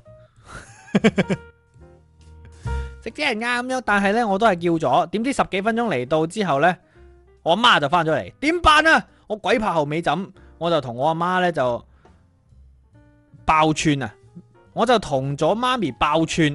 食 死人噶、啊、咁樣，但係呢，我都係叫咗。點知十幾分鐘嚟到之後呢。我媽就翻咗嚟，點辦啊？我鬼拍後尾枕，我就同我阿媽呢就爆串啊！我就同咗媽咪爆串，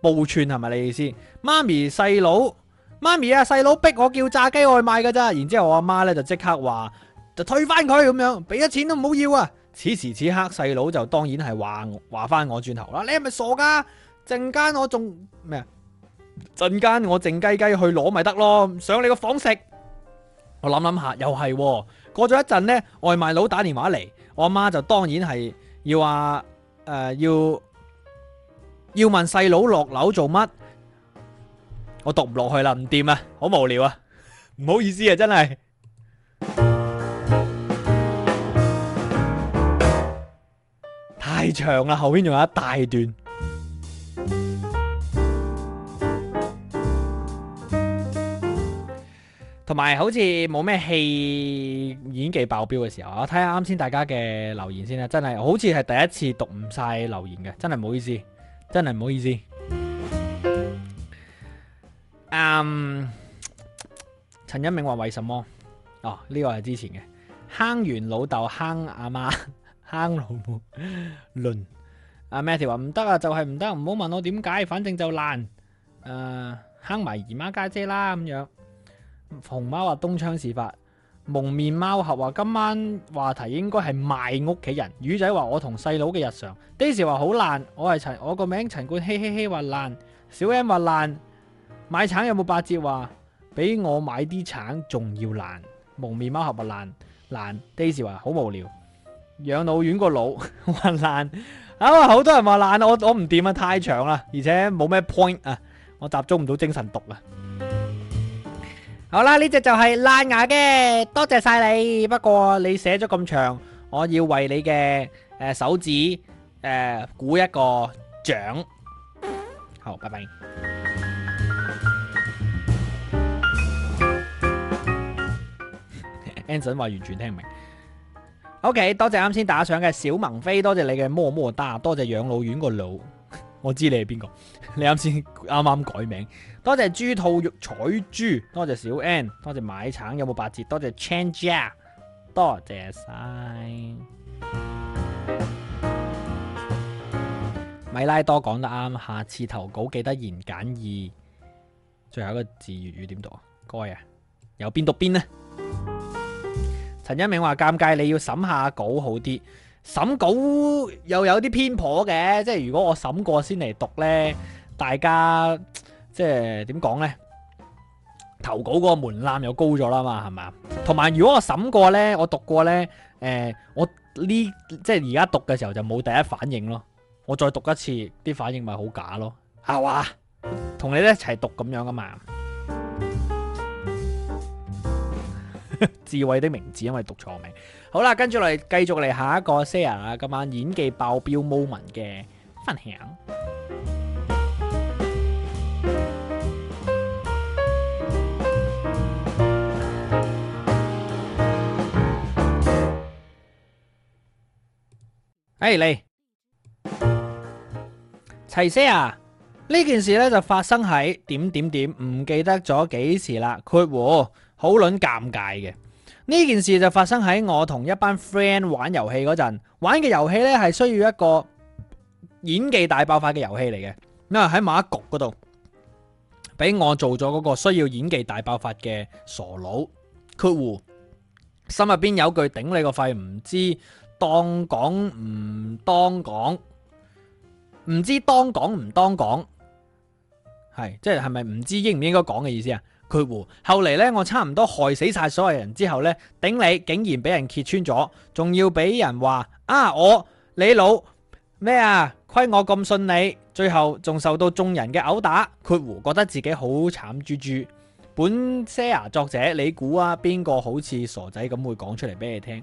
爆串係咪你意思？媽咪細佬，媽咪啊，細佬逼我叫炸雞外賣噶咋？然之後我阿媽呢就即刻話就退翻佢咁樣，俾咗錢都唔好要啊。此時此刻細佬就當然係話話翻我轉頭啦。你係咪傻噶？陣間我仲咩啊？陣間我靜雞雞去攞咪得咯，上你個房食。我諗諗下，又係過咗一陣呢，外賣佬打電話嚟，我阿媽就當然係要話誒、呃，要要問細佬落樓做乜？我讀唔落去啦，唔掂啊，好無聊啊，唔好意思啊，真係太長啦，後邊仲有一大段。同埋好似冇咩戲演技爆表嘅時候啊，睇下啱先大家嘅留言先啦，真係好似係第一次讀唔晒留言嘅，真係唔好意思，真係唔好意思。嗯、um，陳一鳴話為什麼？哦，呢個係之前嘅，坑完老豆坑阿媽，坑老母，倫。阿 Matty 話唔得啊，就係唔得，唔好問我點解，反正就爛，誒、uh，坑埋姨媽家姐啦咁樣。熊貓話東窗事發，蒙面貓俠話今晚話題應該係賣屋企人，魚仔話我同細佬嘅日常，Daisy 話好爛，我係陳我個名陳冠希，希希話爛，小 M 話爛，買橙有冇八折？話俾我買啲橙仲要爛，蒙面貓俠話爛爛，Daisy 話好無聊，養老院個腦話爛，啊好多人話爛，我我唔掂啊，太長啦，而且冇咩 point 啊，我集中唔到精神毒啊。.好啦，呢隻就係爛牙嘅，多謝晒你。不過你寫咗咁長，我要為你嘅誒、呃、手指誒鼓、呃、一個掌。好，拜拜。 Anson 話完全聽唔明。OK，多謝啱先打賞嘅小萌飛，多謝你嘅麼麼噠，多謝養老院個老，我知道你係邊個，你啱先啱啱改名。多謝豬兔肉彩豬，多謝小 N，多謝買橙有冇八折？多謝 Change 啊，多謝晒米拉多講得啱，下次投稿記得言簡意。最後一個字粵語點讀啊？該啊，有邊讀邊呢？陳一鳴話尷尬，你要審下稿好啲，審稿又有啲偏頗嘅，即係如果我審過先嚟讀呢，大家。即係點講呢？投稿嗰個門檻又高咗啦嘛，係嘛？同埋如果我審過呢，我讀過呢，誒、呃，我呢即係而家讀嘅時候就冇第一反應咯。我再讀一次，啲反應咪好假咯，係、啊、嘛？同你一齊讀咁樣噶嘛？智慧的名字因為讀錯名。好啦，跟住嚟繼續嚟下一個 Sarah 啊，今晚演技爆表 moment 嘅分享。哎，嚟齊些牙啊！呢件事咧就發生喺點點點，唔記得咗幾時啦。括弧好卵尷尬嘅，呢件事就發生喺我同一班 friend 玩遊戲嗰陣，玩嘅遊戲咧係需要一個演技大爆發嘅遊戲嚟嘅。因為喺某一局嗰度，俾我做咗嗰個需要演技大爆發嘅傻佬。括弧心入邊有句頂你個肺，唔知。當講唔當講，唔知當講唔當講，係即係係咪唔知應唔應該講嘅意思啊？括弧後嚟呢，我差唔多害死晒所有人之後呢，頂你竟然俾人揭穿咗，仲要俾人話啊我你老咩啊虧我咁信你，最後仲受到眾人嘅毆打，括弧覺得自己好慘豬豬。本 Sir 作者，你估啊邊個好似傻仔咁會講出嚟俾你聽？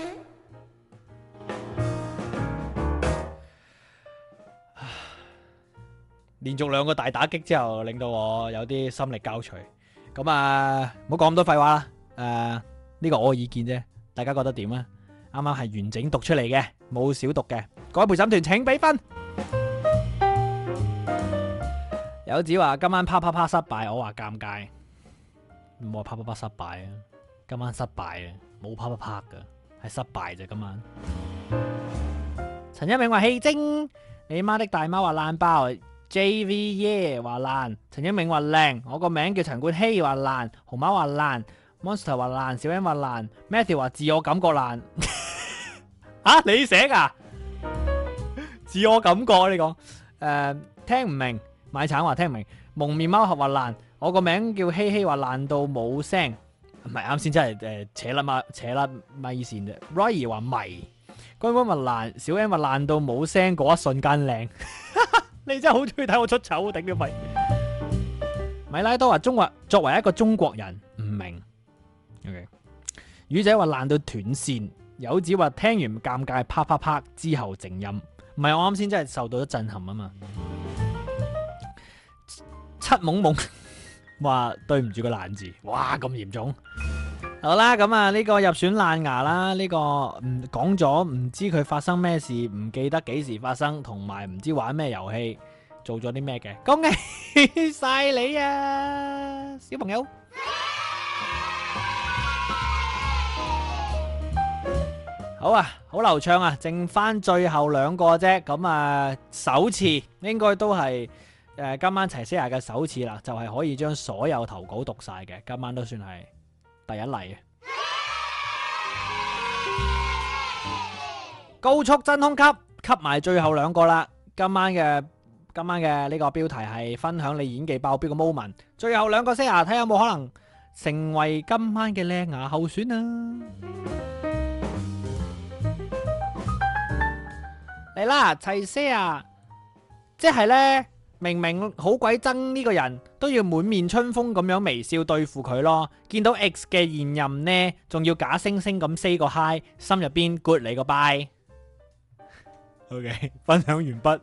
連續兩個大打擊之後，令到我有啲心力交瘁。咁、嗯、啊，唔好講咁多廢話啦。誒、啊，呢、這個我嘅意見啫，大家覺得點啊？啱啱係完整讀出嚟嘅，冇少讀嘅。各位陪審團，請俾分。友子話今晚啪啪啪失敗，我話尷尬。唔好話啪啪啪失敗啊，今晚失敗啊，冇啪啪啪噶，係失敗啫今晚。陳一銘話棄精，你媽的大媽話爛包。J.V. 耶話爛，陳、e、一明話靚，我個名叫陳冠希話爛，熊貓話爛，Monster 話爛，小 M 話爛，Matthew 話自我感覺爛， 啊，你寫噶、啊？自我感覺你講，誒、uh, 聽唔明，買橙話聽唔明，蒙面貓俠話爛，我個名叫希希話爛到冇聲，唔係啱先真係誒、呃、扯甩啊扯甩咪線啫 Ryder 話迷，君哥話爛，小 M 話爛到冇聲，嗰一瞬間靚。 你真係好中意睇我出醜，頂你肺！米拉多話中國作為一個中國人唔明，okay. 魚仔話爛到斷線，友子話聽完尷尬，啪啪啪之後靜音，唔係我啱先真係受到咗震撼啊嘛！七懵懵話對唔住個爛字，哇咁嚴重！好啦，咁啊，呢個入選爛牙啦，呢、這個唔講咗，唔、嗯、知佢發生咩事，唔記得幾時發生，同埋唔知玩咩遊戲，做咗啲咩嘅，恭喜晒你啊，小朋友！好啊，好流暢啊，剩返最後兩個啫，咁啊，首次應該都係誒、呃、今晚齊西牙嘅首次啦，就係、是、可以將所有投稿讀晒嘅，今晚都算係。第一例啊！高速真空吸吸埋最後兩個啦，今晚嘅，今晚嘅呢個標題係分享你演技爆表嘅 moment，最後兩個些牙睇有冇可能成為今晚嘅靚牙候選啊！嚟啦，齊些啊！即係呢。明明好鬼憎呢個人，都要滿面春風咁樣微笑對付佢咯。見到 X 嘅現任呢，仲要假惺惺咁 say 個 hi，心入邊 good 你、like，個 bye。OK，分享完畢，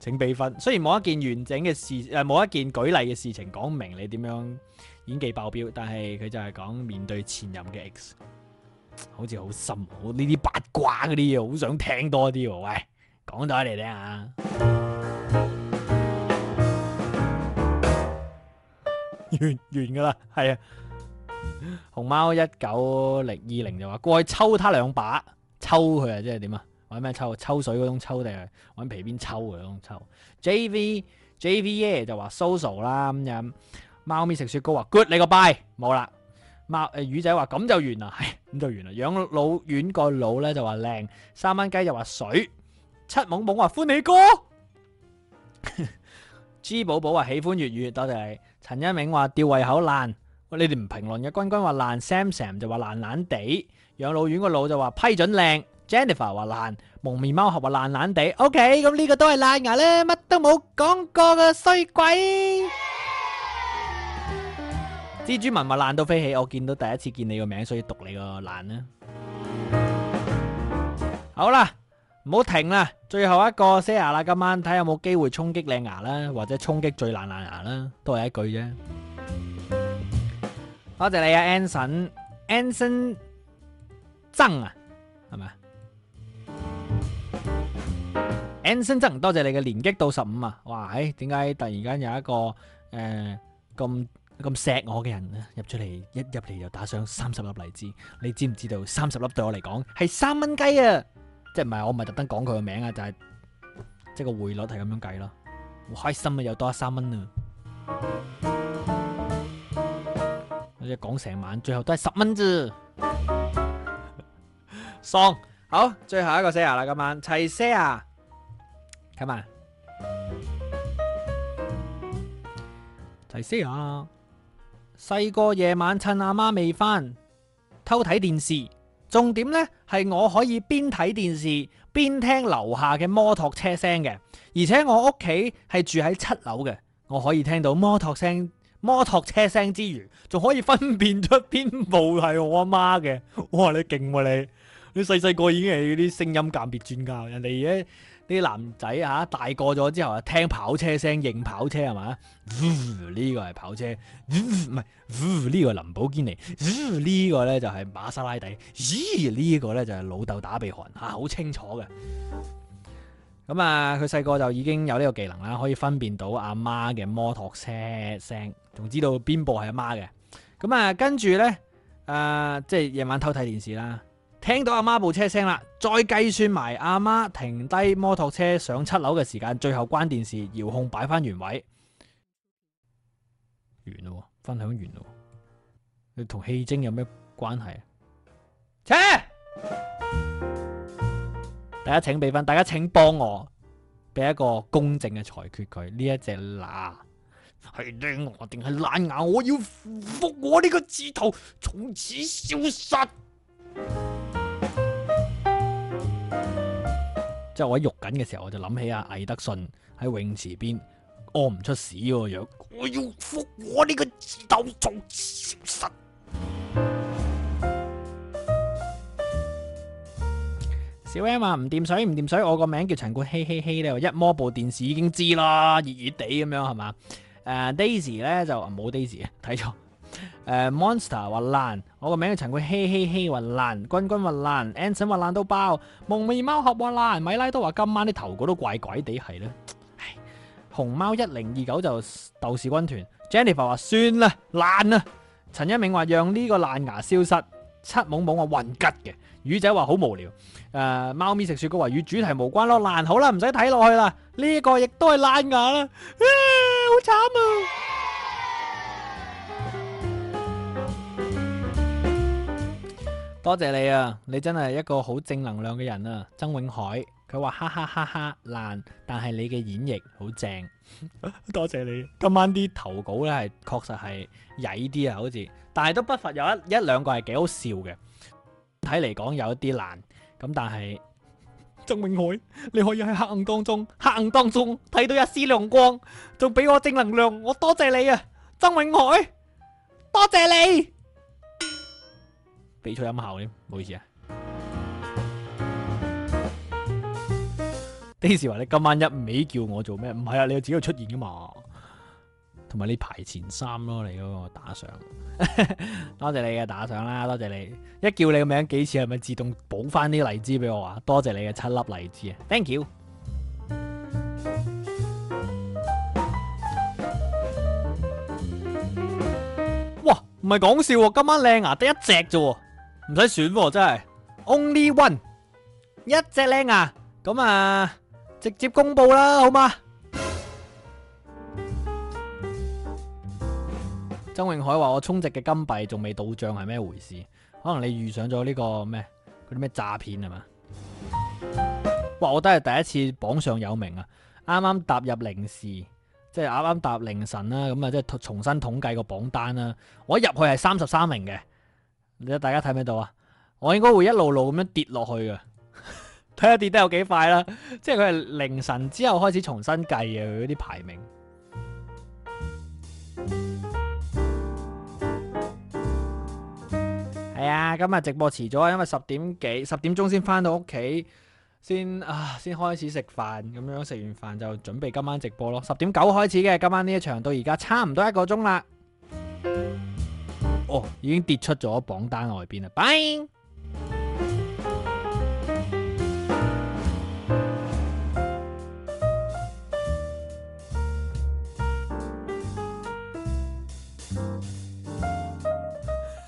請俾分。雖然冇一件完整嘅事，誒、呃、冇一件舉例嘅事情講明你點樣演技爆表，但係佢就係講面對前任嘅 X，好似好深，好。呢啲八卦嗰啲嘢，好想聽多啲。喂，講多啲嚟聽下、啊。完完噶啦，係啊！熊貓一九零二零就話過去抽他兩把，抽佢啊，即係點啊？玩咩抽抽水嗰種抽定係玩皮鞭抽嗰種抽？J V J V E 就話 so so 啦咁樣，貓、嗯、咪食雪糕話 good，你個拜冇啦，貓誒、呃、魚仔話咁就完啦，係咁就完啦。養老院個老咧就話靚，三蚊雞就話水，七懵懵話歡喜哥， 豬寶寶話喜歡粵語，多謝你。陳一明話吊胃口爛，你哋唔評論嘅君君話爛，Sam Sam 就話爛爛地，養老院個佬就話批准靚，Jennifer 話爛，蒙面貓俠話爛爛地，OK，咁呢個都係爛牙咧，乜都冇講過嘅衰鬼， 蜘蛛文話爛到飛起，我見到第一次見你個名，所以讀你個爛啦，好啦。唔好停啦，最後一個 set 牙啦，今晚睇有冇機會衝擊靚牙啦，或者衝擊最爛爛牙啦，都係一句啫。多謝你啊 Anson，Anson 曾啊，係咪啊？Anson 曾，多謝你嘅連擊到十五啊！哇，唉，點解突然間有一個誒咁咁錫我嘅人入出嚟，一入嚟就打上三十粒荔枝？你知唔知道三十粒對我嚟講係三蚊雞啊？即係唔係我唔係特登講佢個名啊，就係、是、即係個匯率係咁樣計咯。好開心啊，又多三蚊啊！我哋講成晚，最後都係十蚊啫。爽 爽好，最後一個 set 啦，今晚齊 set 啊，係嘛晚，齊 set 啊！細個夜晚趁阿媽未翻，偷睇電視。重點呢係我可以邊睇電視邊聽樓下嘅摩托車聲嘅，而且我屋企係住喺七樓嘅，我可以聽到摩托聲、摩托車聲之餘，仲可以分辨出邊部係我阿媽嘅。哇！你勁喎，啊，你，你細細個已經係啲聲音鑒別專家，人哋咧。啲男仔吓、啊、大個咗之後啊，聽跑車聲認跑車係嘛？嗚，呢、呃這個係跑車，唔係嗚，呢、呃呃呃這個林寶堅尼，呃這個、呢個咧就係瑪莎拉蒂，咦，這個、呢個咧就係、是、老豆打鼻鼾吓，好、啊、清楚嘅。咁啊，佢細個就已經有呢個技能啦，可以分辨到阿媽嘅摩托車聲，仲知道邊部係阿媽嘅。咁啊，跟住咧，誒、啊，即係夜晚偷睇電視啦。聽到阿媽部車聲啦，再計算埋阿媽停低摩托車上七樓嘅時間，最後關電視遙控擺翻原位，完咯，分享完咯。你同戲精有咩關係啊？切！ 大家請俾分，大家請幫我，俾一個公正嘅裁決佢。呢一隻乸係癲我定係爛牙？我要復我呢個字頭，從此消失。即係我喺喐緊嘅時候，我就諗起阿、啊、魏德信喺泳池邊屙唔出屎，啊，我要我要復我呢個自爆消失，小 M 啊，唔掂水唔掂水，我個名叫陳冠希希希咧，一摸部電視已經知啦，熱熱地咁樣係嘛？誒、uh,，Daisy 咧就冇 Daisy 啊，睇錯。誒，monster 話爛，我個名叫陳冠希希希話爛，君君話爛，anson 話爛到爆，蒙面貓俠話爛，米拉都話今晚啲頭果都怪怪地係啦，熊貓一零二九就鬥士軍團，jennifer 話算啦爛啦，陳一鳴話讓呢個爛牙消失，七懵懵話混吉嘅，魚仔話好無聊，誒，貓咪食雪糕話與主題無關咯爛，好啦唔使睇落去啦，呢個亦都係爛牙啦，好慘啊！多謝你啊！你真係一個好正能量嘅人啊，曾永海。佢話：哈哈哈，哈！哈爛，但係你嘅演繹好正。 多謝你。今晚啲投稿咧係確實係曳啲啊，好似，但係都不乏有一一兩個係幾好笑嘅。睇嚟講有一啲爛，咁但係曾永海，你可以喺黑暗當中，黑暗當中睇到一絲亮光，仲俾我正能量，我多謝你啊，曾永海，多謝你。比賽音效唔好意思啊！Daisy 話你今晚一味叫我做咩？唔係啊，你要自己出現㗎嘛。同埋你排前三咯，你嗰個打賞。 多謝你嘅打賞啦，多謝你！一叫你個名幾次係咪自動補翻啲荔枝俾我啊？多謝你嘅七粒荔枝啊！Thank you。哇！唔係講笑喎、啊，今晚靚牙得一隻啫喎！唔使選、啊、真係，only one 一隻靚啊！咁啊，直接公布啦，好嘛？ 曾永海話：我充值嘅金幣仲未到賬，係咩回事？可能你遇上咗呢、這個咩嗰啲咩詐騙係嘛？哇！我都係第一次榜上有名啊！啱啱踏入零時，即係啱啱踏入凌晨啦，咁啊，即係重新統計個榜單啦、啊。我一入去係三十三名嘅。大家睇唔睇到啊？我應該會一路路咁樣跌落去嘅，睇下跌得有幾快啦。 即係佢係凌晨之後開始重新計啊，嗰啲排名。係 啊，今日直播遲咗，因為十點幾、十點鐘先翻到屋企，先啊，先開始食飯咁樣，食完飯就準備今晚直播咯。十點九開始嘅，今晚呢一場到而家差唔多一個鐘啦。哦，已經跌出咗榜單外邊啦，拜！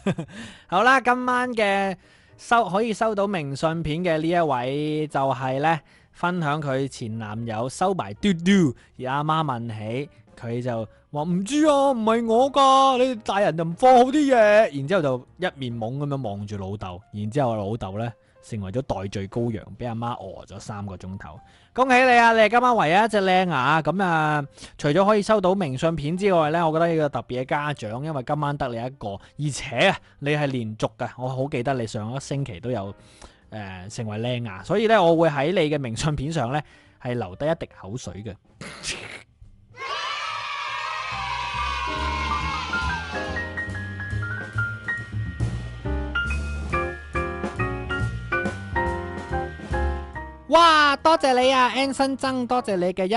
好啦，今晚嘅收可以收到明信片嘅呢一位就係呢，就係呢分享佢前男友收埋嘟嘟，而阿媽，媽問起。佢就話唔知啊，唔係我噶你大人就唔放好啲嘢。然之後就一面懵咁樣望住老豆，然之後我老豆呢，成為咗代罪羔羊，俾阿媽餓咗三個鐘頭。恭喜你啊，你係今晚唯一一隻靚牙咁啊！除咗可以收到明信片之外呢，我覺得呢個特別嘅家長，因為今晚得你一個，而且你係連續噶，我好記得你上一星期都有誒、呃、成為靚牙、啊，所以呢，我會喺你嘅明信片上呢，係留得一滴口水嘅。 哇！多謝你啊，En 新曾，多謝你嘅一，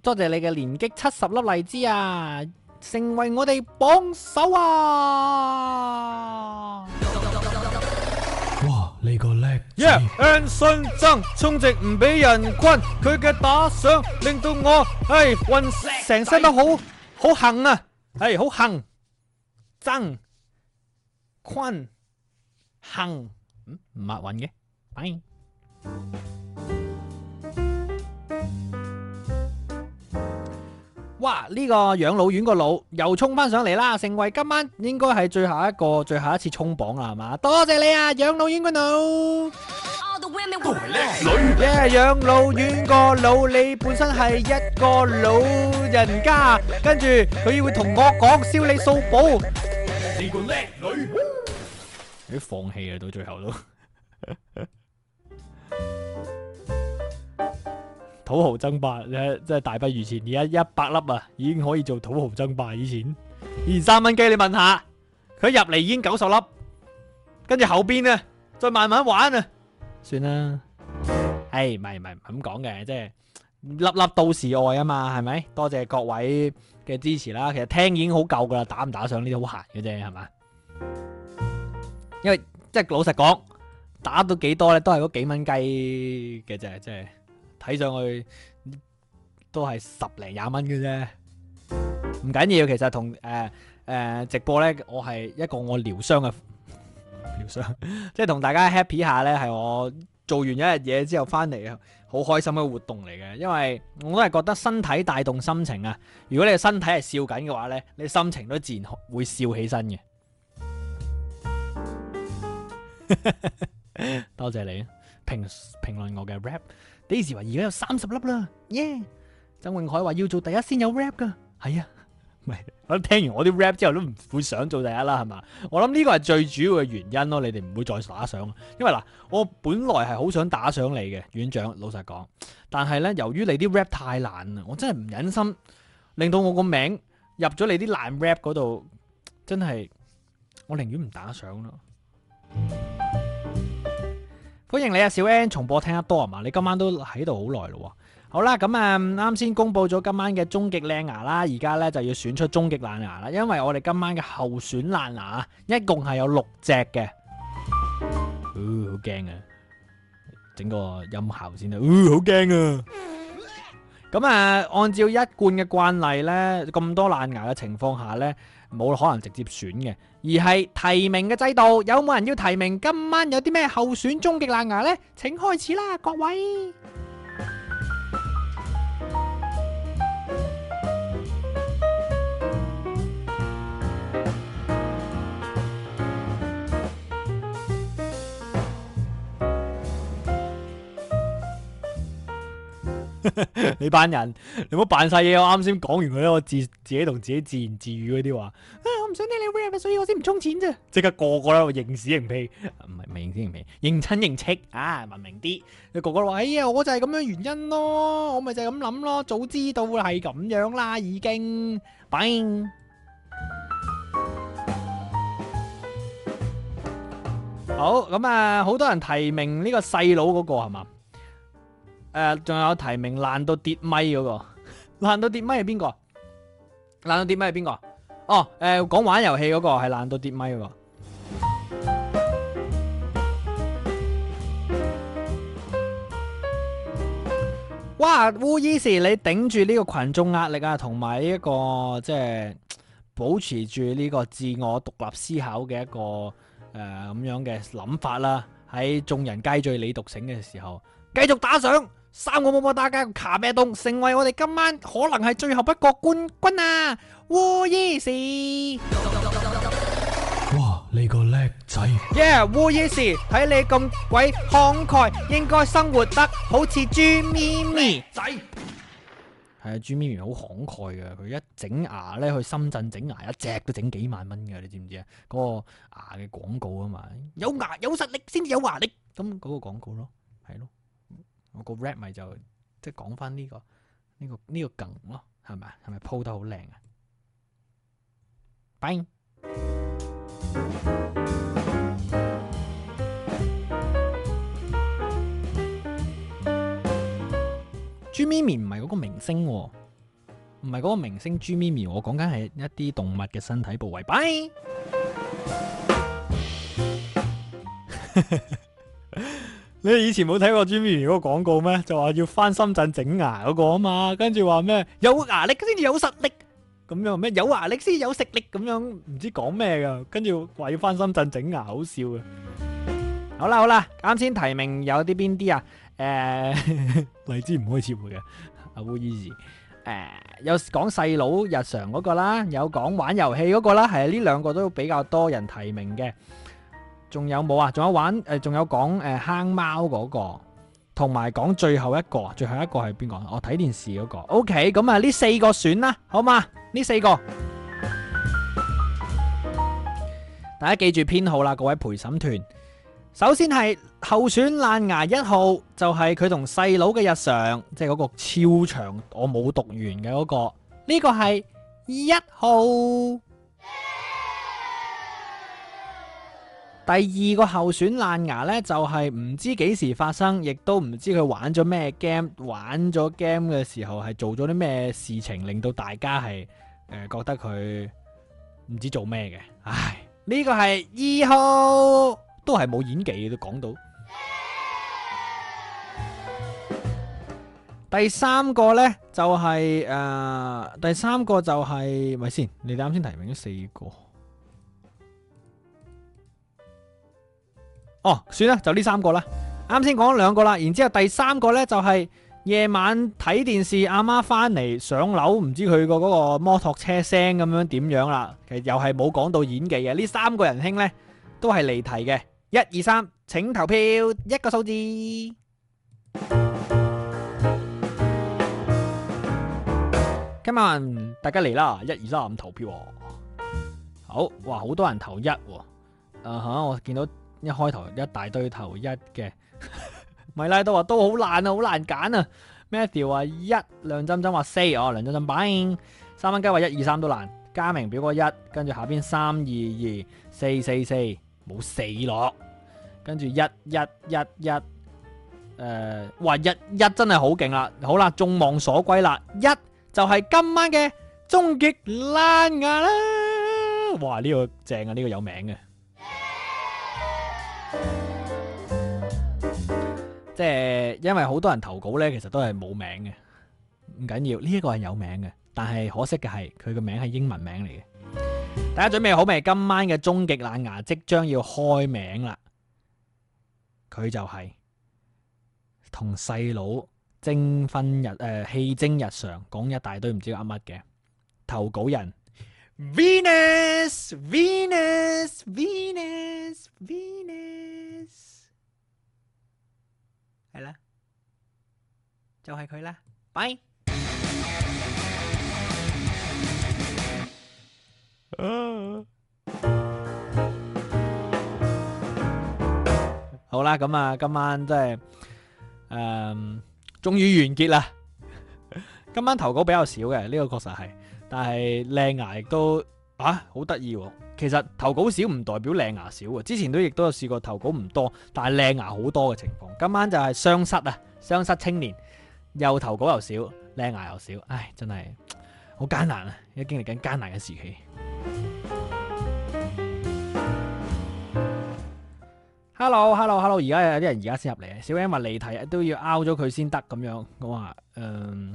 多謝你嘅連擊七十粒荔枝啊，成為我哋榜首啊！哇，你個叻！呀，En 新曾充值唔俾人坤，佢嘅打賞令到我唉，運成身都好好痕啊，係好痕，曾坤痕，唔係運嘅，係。哇！呢個養老院個老又衝翻上嚟啦，成為今晚應該係最後一個、最後一次衝榜啦，係嘛？多謝你啊，養老院個老。哦，都係叻女。因為養老院個老，你本身係一個老人家，跟住佢會同我講燒你數寶。你個叻女，你放棄啊，到最後都。土豪爭霸咧，即係大不如前。而家一百粒啊，已經可以做土豪爭霸。以前，以前三蚊雞，你問下佢入嚟已經九十粒，跟住後邊啊，再慢慢玩啊，算啦。誒，hey，唔係唔係唔係咁講嘅，即係粒粒都是愛啊嘛，係咪？多謝各位嘅支持啦。其實聽已經好夠噶啦，打唔打上呢啲好閒嘅啫，係嘛？因為即係老實講，打到幾多咧，都係嗰幾蚊雞嘅啫，即係。睇上去都係十零廿蚊嘅啫，唔緊要。其實同誒誒直播咧，我係一個我療傷嘅療傷，即係同大家 happy 一下咧，係我做完一日嘢之後翻嚟啊，好開心嘅活動嚟嘅。因為我都係覺得身體帶動心情啊。如果你嘅身體係笑緊嘅話咧，你心情都自然會笑起身嘅。 多謝你評評論我嘅 rap。D 時話而家有三十粒啦，耶，yeah！曾永海話要做第一先有 rap 噶，係啊，唔係我聽完我啲 rap 之後都唔會想做第一啦，係嘛？我諗呢個係最主要嘅原因咯，你哋唔會再打賞，因為嗱，我本來係好想打賞你嘅院長，老實講，但係呢，由於你啲 rap 太爛啦，我真係唔忍心令到我個名入咗你啲爛 rap 嗰度，真係我寧願唔打賞咯。嗯歡迎你啊，小 N 重播聽得多啊嘛，你今晚都喺度好耐咯。好、嗯、啦，咁啊，啱先公布咗今晚嘅終極靚牙啦，而家呢，就要選出終極爛牙啦。因為我哋今晚嘅候選爛牙一共係有六隻嘅。哦。好驚啊！整個音效先啦。哦，好驚啊！咁啊、嗯，按照一貫嘅慣例呢，咁多爛牙嘅情況下呢，冇可能直接選嘅，而係提名嘅制度。有冇人要提名？今晚有啲咩候選終極爛牙呢？請開始啦，各位。 你班人，你唔好扮晒嘢。我啱先講完佢咧，我自自己同自己自言自語嗰啲話，唉我唔想聽你 rap，所以我先唔充錢啫。即刻個個咧，我認屎認屁，唔係唔係認屎認屁，認親認戚啊，文明啲。你個個都話，哎呀，我就係咁樣原因咯，我咪就係咁諗咯，早知道係咁樣啦，已經。好，咁啊，好多人提名呢個細佬嗰個係嘛？誒，仲、呃、有提名爛到跌咪嗰、那個，爛到跌咪係邊個？爛到跌咪係邊個？哦，誒、呃，講玩遊戲嗰個係爛到跌咪啊、那個！ 哇，烏醫師，你頂住呢個群眾壓力啊，同埋呢一個即係保持住呢個自我獨立思考嘅一個誒咁、呃、樣嘅諗法啦，喺眾人皆醉你獨醒嘅時候，繼續打賞。三個摸摸打加卡咩東，成為我哋今晚可能係最後一個冠軍啊！烏衣士， 哇你個叻仔！耶烏衣士，睇你咁鬼慷慨，應該生活得好似豬咪咪仔。係啊，豬咪咪好慷慨噶，佢一整牙咧去深圳整牙，一隻都整幾萬蚊噶，你知唔知啊？嗰、那個牙嘅廣告啊嘛，有牙有實力先至有牙力，咁嗰個廣告咯，係咯。我個 rap 咪就即係講翻呢個呢個呢個梗咯，係咪？係咪鋪得好靚啊？Bye。豬咪咪唔係嗰個明星喎，唔係嗰個明星豬咪咪，我講緊係一啲動物嘅身體部位。Bye。你以前冇睇過 Jimmy 嗰個廣告咩？就話要翻深圳整牙嗰個啊嘛，跟住話咩有牙力先至有實力，咁樣咩有牙力先有實力咁樣，唔知講咩噶？跟住話要翻深圳整牙，好笑嘅。好啦好啦，啱先提名有啲邊啲啊？誒，荔枝唔可以撤回嘅，阿好 easy。誒，有講細佬日常嗰個啦，有講玩遊戲嗰個啦，係啊，呢兩個都比較多人提名嘅。仲有冇啊？仲有玩誒？仲有講誒、呃、呃，坑貓嗰個，同埋講最後一個，最後一個係邊個？我睇電視嗰個。OK，咁啊，呢四個選啦，好嘛？呢四個，大家記住編號啦，各位陪審團。首先係候選爛牙一號，就係佢同細佬嘅日常，即係嗰個超長，我冇讀完嘅嗰個。呢個係一號。第二個候選爛牙呢，就係、是、唔知幾時發生，亦都唔知佢玩咗咩 game，玩咗 game 嘅時候係做咗啲咩事情，令到大家係誒、呃、覺得佢唔知做咩嘅。唉，呢、這個係二號都係冇演技嘅都講到。 第三個呢，就係、是、誒、呃，第三個就係咪先？你哋啱先提名咗四個。哦，算啦，就呢三個啦。啱先講咗兩個啦，然之後第三個呢，就係夜晚睇電視，阿媽翻嚟上樓，唔知佢個嗰個摩托車聲咁樣點樣啦。其實又係冇講到演技嘅，呢三個人兄呢，都係離題嘅。一二三，請投票，一個數字。今晚大家嚟啦，一二三，投票。好，哇，好多人投一。啊哈，我見到。一開頭一大堆頭一嘅， 米拉都話都好難啊，好難揀啊。Matthew 話一，梁振珍話四哦，梁振珍板，三蚊雞話一二三都難。加明表哥一，跟住下邊三二二四四四冇四落。跟住一一一一誒，哇！一一,一、呃、嘩一,一真係好勁啦。好啦，眾望所歸啦，一就係今晚嘅終極爛牙啦。哇！呢、這個正啊，呢、這個有名嘅、啊。即係因為好多人投稿呢，其實都係冇名嘅，唔緊要。呢、這、一個係有名嘅，但係可惜嘅係佢個名係英文名嚟嘅。大家準備好未？今晚嘅終極懶牙，即將要開名啦！佢就係同細佬精分日誒、戲、呃、精日常講一大堆唔知噏乜嘅投稿人。Venus，Venus，Venus，Venus，係啦，就係佢啦，拜。好啦，咁啊，今晚真係誒，終於完結啦。今晚投稿比較少嘅，呢個確實係。但係靚牙亦都啊，好得意喎！其實投稿少唔代表靚牙少嘅，之前都亦都有試過投稿唔多，但係靚牙好多嘅情況。今晚就係雙失啊，雙失青年，又投稿又少，靚牙又少，唉，真係好艱難啊！而家經歷緊艱難嘅時期。Hello，Hello，Hello！而家有啲人而家先入嚟，小欣話離題都要拗咗佢先得咁樣，我話嗯，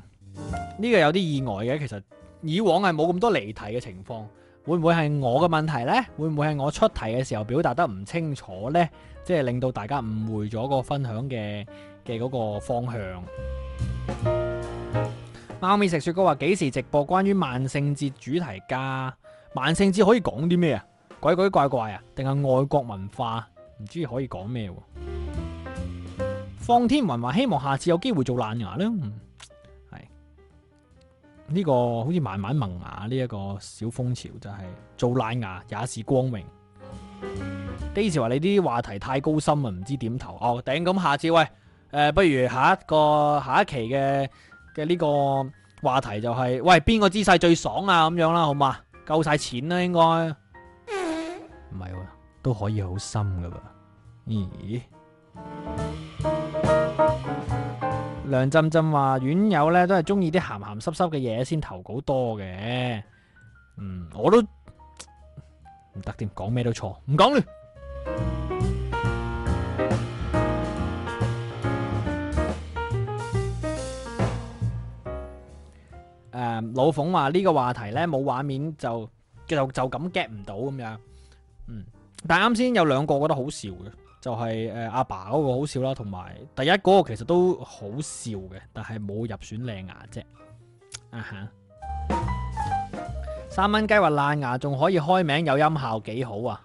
呢個有啲意外嘅，其實。以往係冇咁多離題嘅情況，會唔會係我嘅問題呢？會唔會係我出題嘅時候表達得唔清楚呢？即係令到大家誤會咗個分享嘅嘅嗰個方向。貓咪食雪哥話：幾時直播關於萬聖節主題㗎？萬聖節可以講啲咩啊？鬼鬼怪怪啊？定係外國文化？唔知可以講咩喎？方天文話：希望下次有機會做爛牙啦。呢個好似慢慢萌芽呢一、這個小風潮，就是，就係做奶牙也是光明。Daisy 話你啲話題太高深啊，唔知點頭哦頂。咁下次喂，誒、呃、不如下一個下一期嘅嘅呢個話題就係、是、喂邊個姿勢最爽啊？咁樣啦，好嘛？夠晒錢啦，應該唔係喎，都可以好深噶噃，咦？梁浸浸話，網友咧都係中意啲咸咸濕濕嘅嘢先投稿多嘅。嗯，我都唔得掂，講咩都錯，唔講啦。誒，老馮話呢個話題咧冇畫面就就就咁 get 唔到咁樣。嗯，但係啱先有兩個覺得好笑嘅。就係誒，阿爸嗰個好笑啦，同埋第一嗰個其實都好笑嘅，但係冇入選靚牙啫。Uh huh. 啊哈！三蚊雞話爛牙仲可以開名，有音效，幾好啊！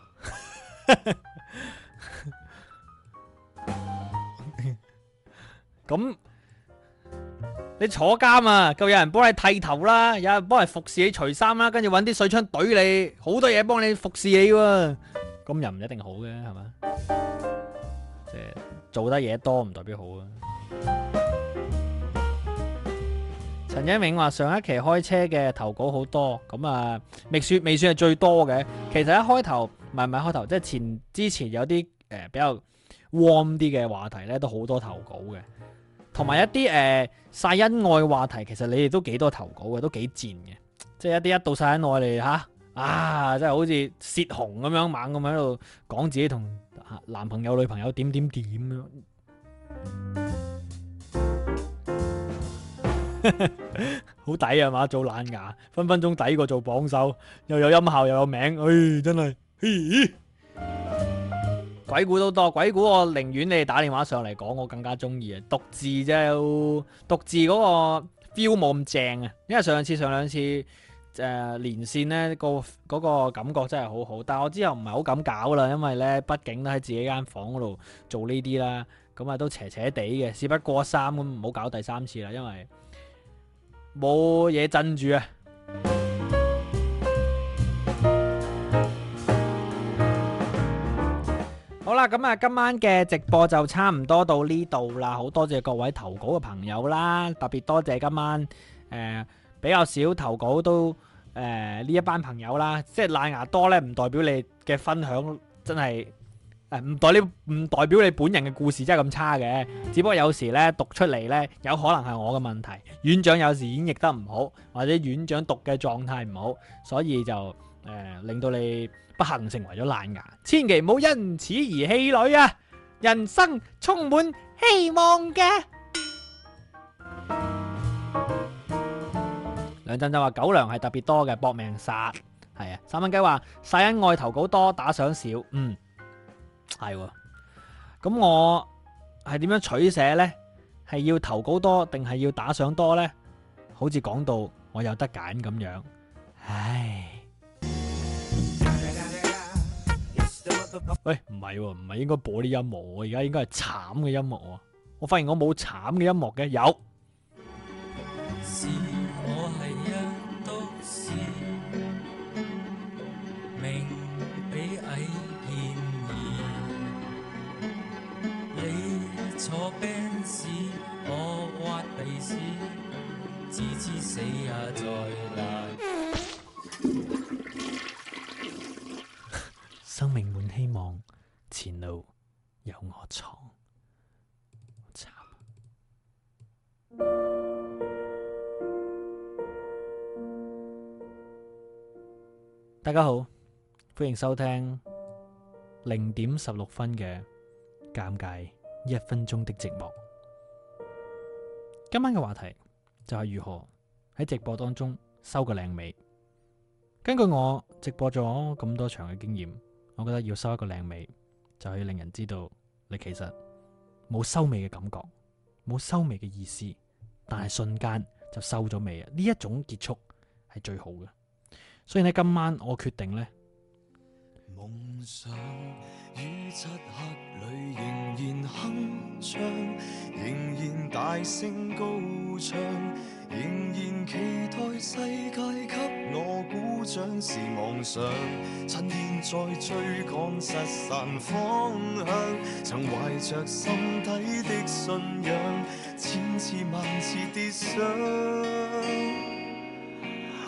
咁 你坐監啊，夠有人幫你剃頭啦，有人幫你服侍你除衫啦，跟住揾啲水槍懟你，好多嘢幫你服侍你喎啊。咁又唔一定好嘅，係嘛？即做得嘢多唔代表好啊。陳 一鳴話：上一期開車嘅投稿好多，咁啊，未說未算係最多嘅。其實一開頭唔係唔係開頭，即係前之前有啲誒、呃、比較 warm 啲嘅話題呢，都好多投稿嘅。同埋一啲誒晒恩愛嘅話題，其實你哋都幾多投稿嘅，都幾賤嘅。即係一啲一到晒恩愛你吓。你啊！真係好似泄紅咁樣猛咁喺度講自己同男朋友、女朋友點點點好抵㗎嘛。做懶牙，分分鐘抵過做榜首，又有音效又有名，唉，真係。鬼故都多，鬼故我寧願你打電話上嚟講，我更加中意啊！獨自啫，獨自嗰個 feel 冇咁正啊，因為上次上兩次。誒、呃、連線呢個、嗰個感覺真係好好，但係我之後唔係好敢搞啦，因為咧畢竟都喺自己間房嗰度做呢啲啦，咁啊都邪邪地嘅，事不過三，咁唔好搞第三次啦，因為冇嘢鎮住啊！ 好啦，咁、嗯、啊，今晚嘅直播就差唔多到呢度啦，好多謝各位投稿嘅朋友啦，特別多謝今晚誒、呃比較少投稿都誒呢、呃、一班朋友啦，即係爛牙多呢，唔代表你嘅分享真係誒唔代你唔代表你本人嘅故事真係咁差嘅，只不過有時呢，讀出嚟呢，有可能係我嘅問題，院長有時演繹得唔好，或者院長讀嘅狀態唔好，所以就誒、呃、令到你不幸成為咗爛牙，千祈唔好因此而氣餒啊！人生充滿希望嘅。陣就話狗糧係特別多嘅，搏命殺係啊！三蚊雞話，世恩愛投稿多，打賞少。嗯，係。咁我係點樣取捨呢？係要投稿多定係要打賞多呢？好似講到我有得揀咁樣。唉。喂，唔係喎，唔係應該播呢音樂，而家應該係慘嘅音樂啊！我發現我冇慘嘅音樂嘅，有。
生
命滿希望，前路有我闖。大家好，歡迎收聽零點十六分嘅尷尬。一分鐘的寂寞。今晚嘅話題就係如何喺直播當中收個靚尾。根據我直播咗咁多場嘅經驗，我覺得要收一個靚尾，就可以令人知道你其實冇收尾嘅感覺，冇收尾嘅意思，但係瞬間就收咗尾啊！呢一種結束係最好嘅。所以呢，今晚我決定呢。夢想，
於漆黑裏仍然哼唱，仍然大聲高唱，仍然期待世界給我鼓掌。是妄想，趁現在追趕失散方向，曾懷着心底的信仰，千次萬次跌傷。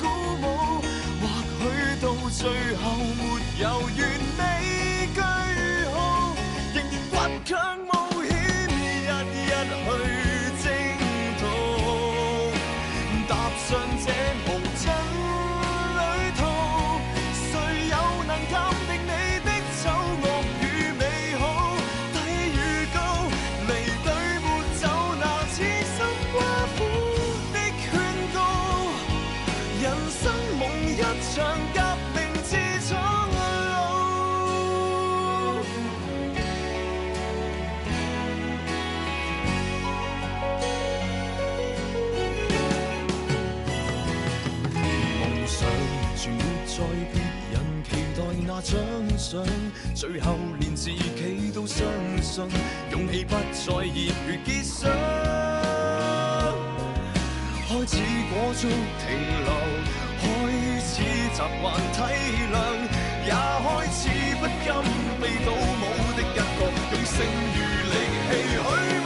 或許到最後沒有完美句號，仍然倔強。 最後連自己都相信，勇氣不再熱血結霜，開始裹足停留，開始習慣體諒，也開始不甘被倒帽的一個，用剩餘力氣去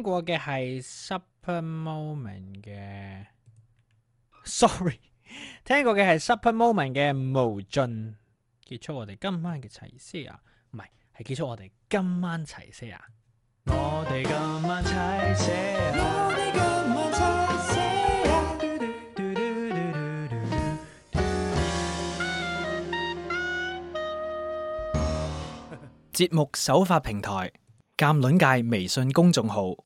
聽過嘅係 Super Moment 嘅，sorry，聽過嘅係 Super Moment 嘅無盡，結束我哋今晚嘅齊些牙啊，唔係，係結束我哋今晚齊些牙啊。我哋今晚齊些牙啊，我哋今晚齊些牙啊。節目首發平台：鑒論界微信公眾號。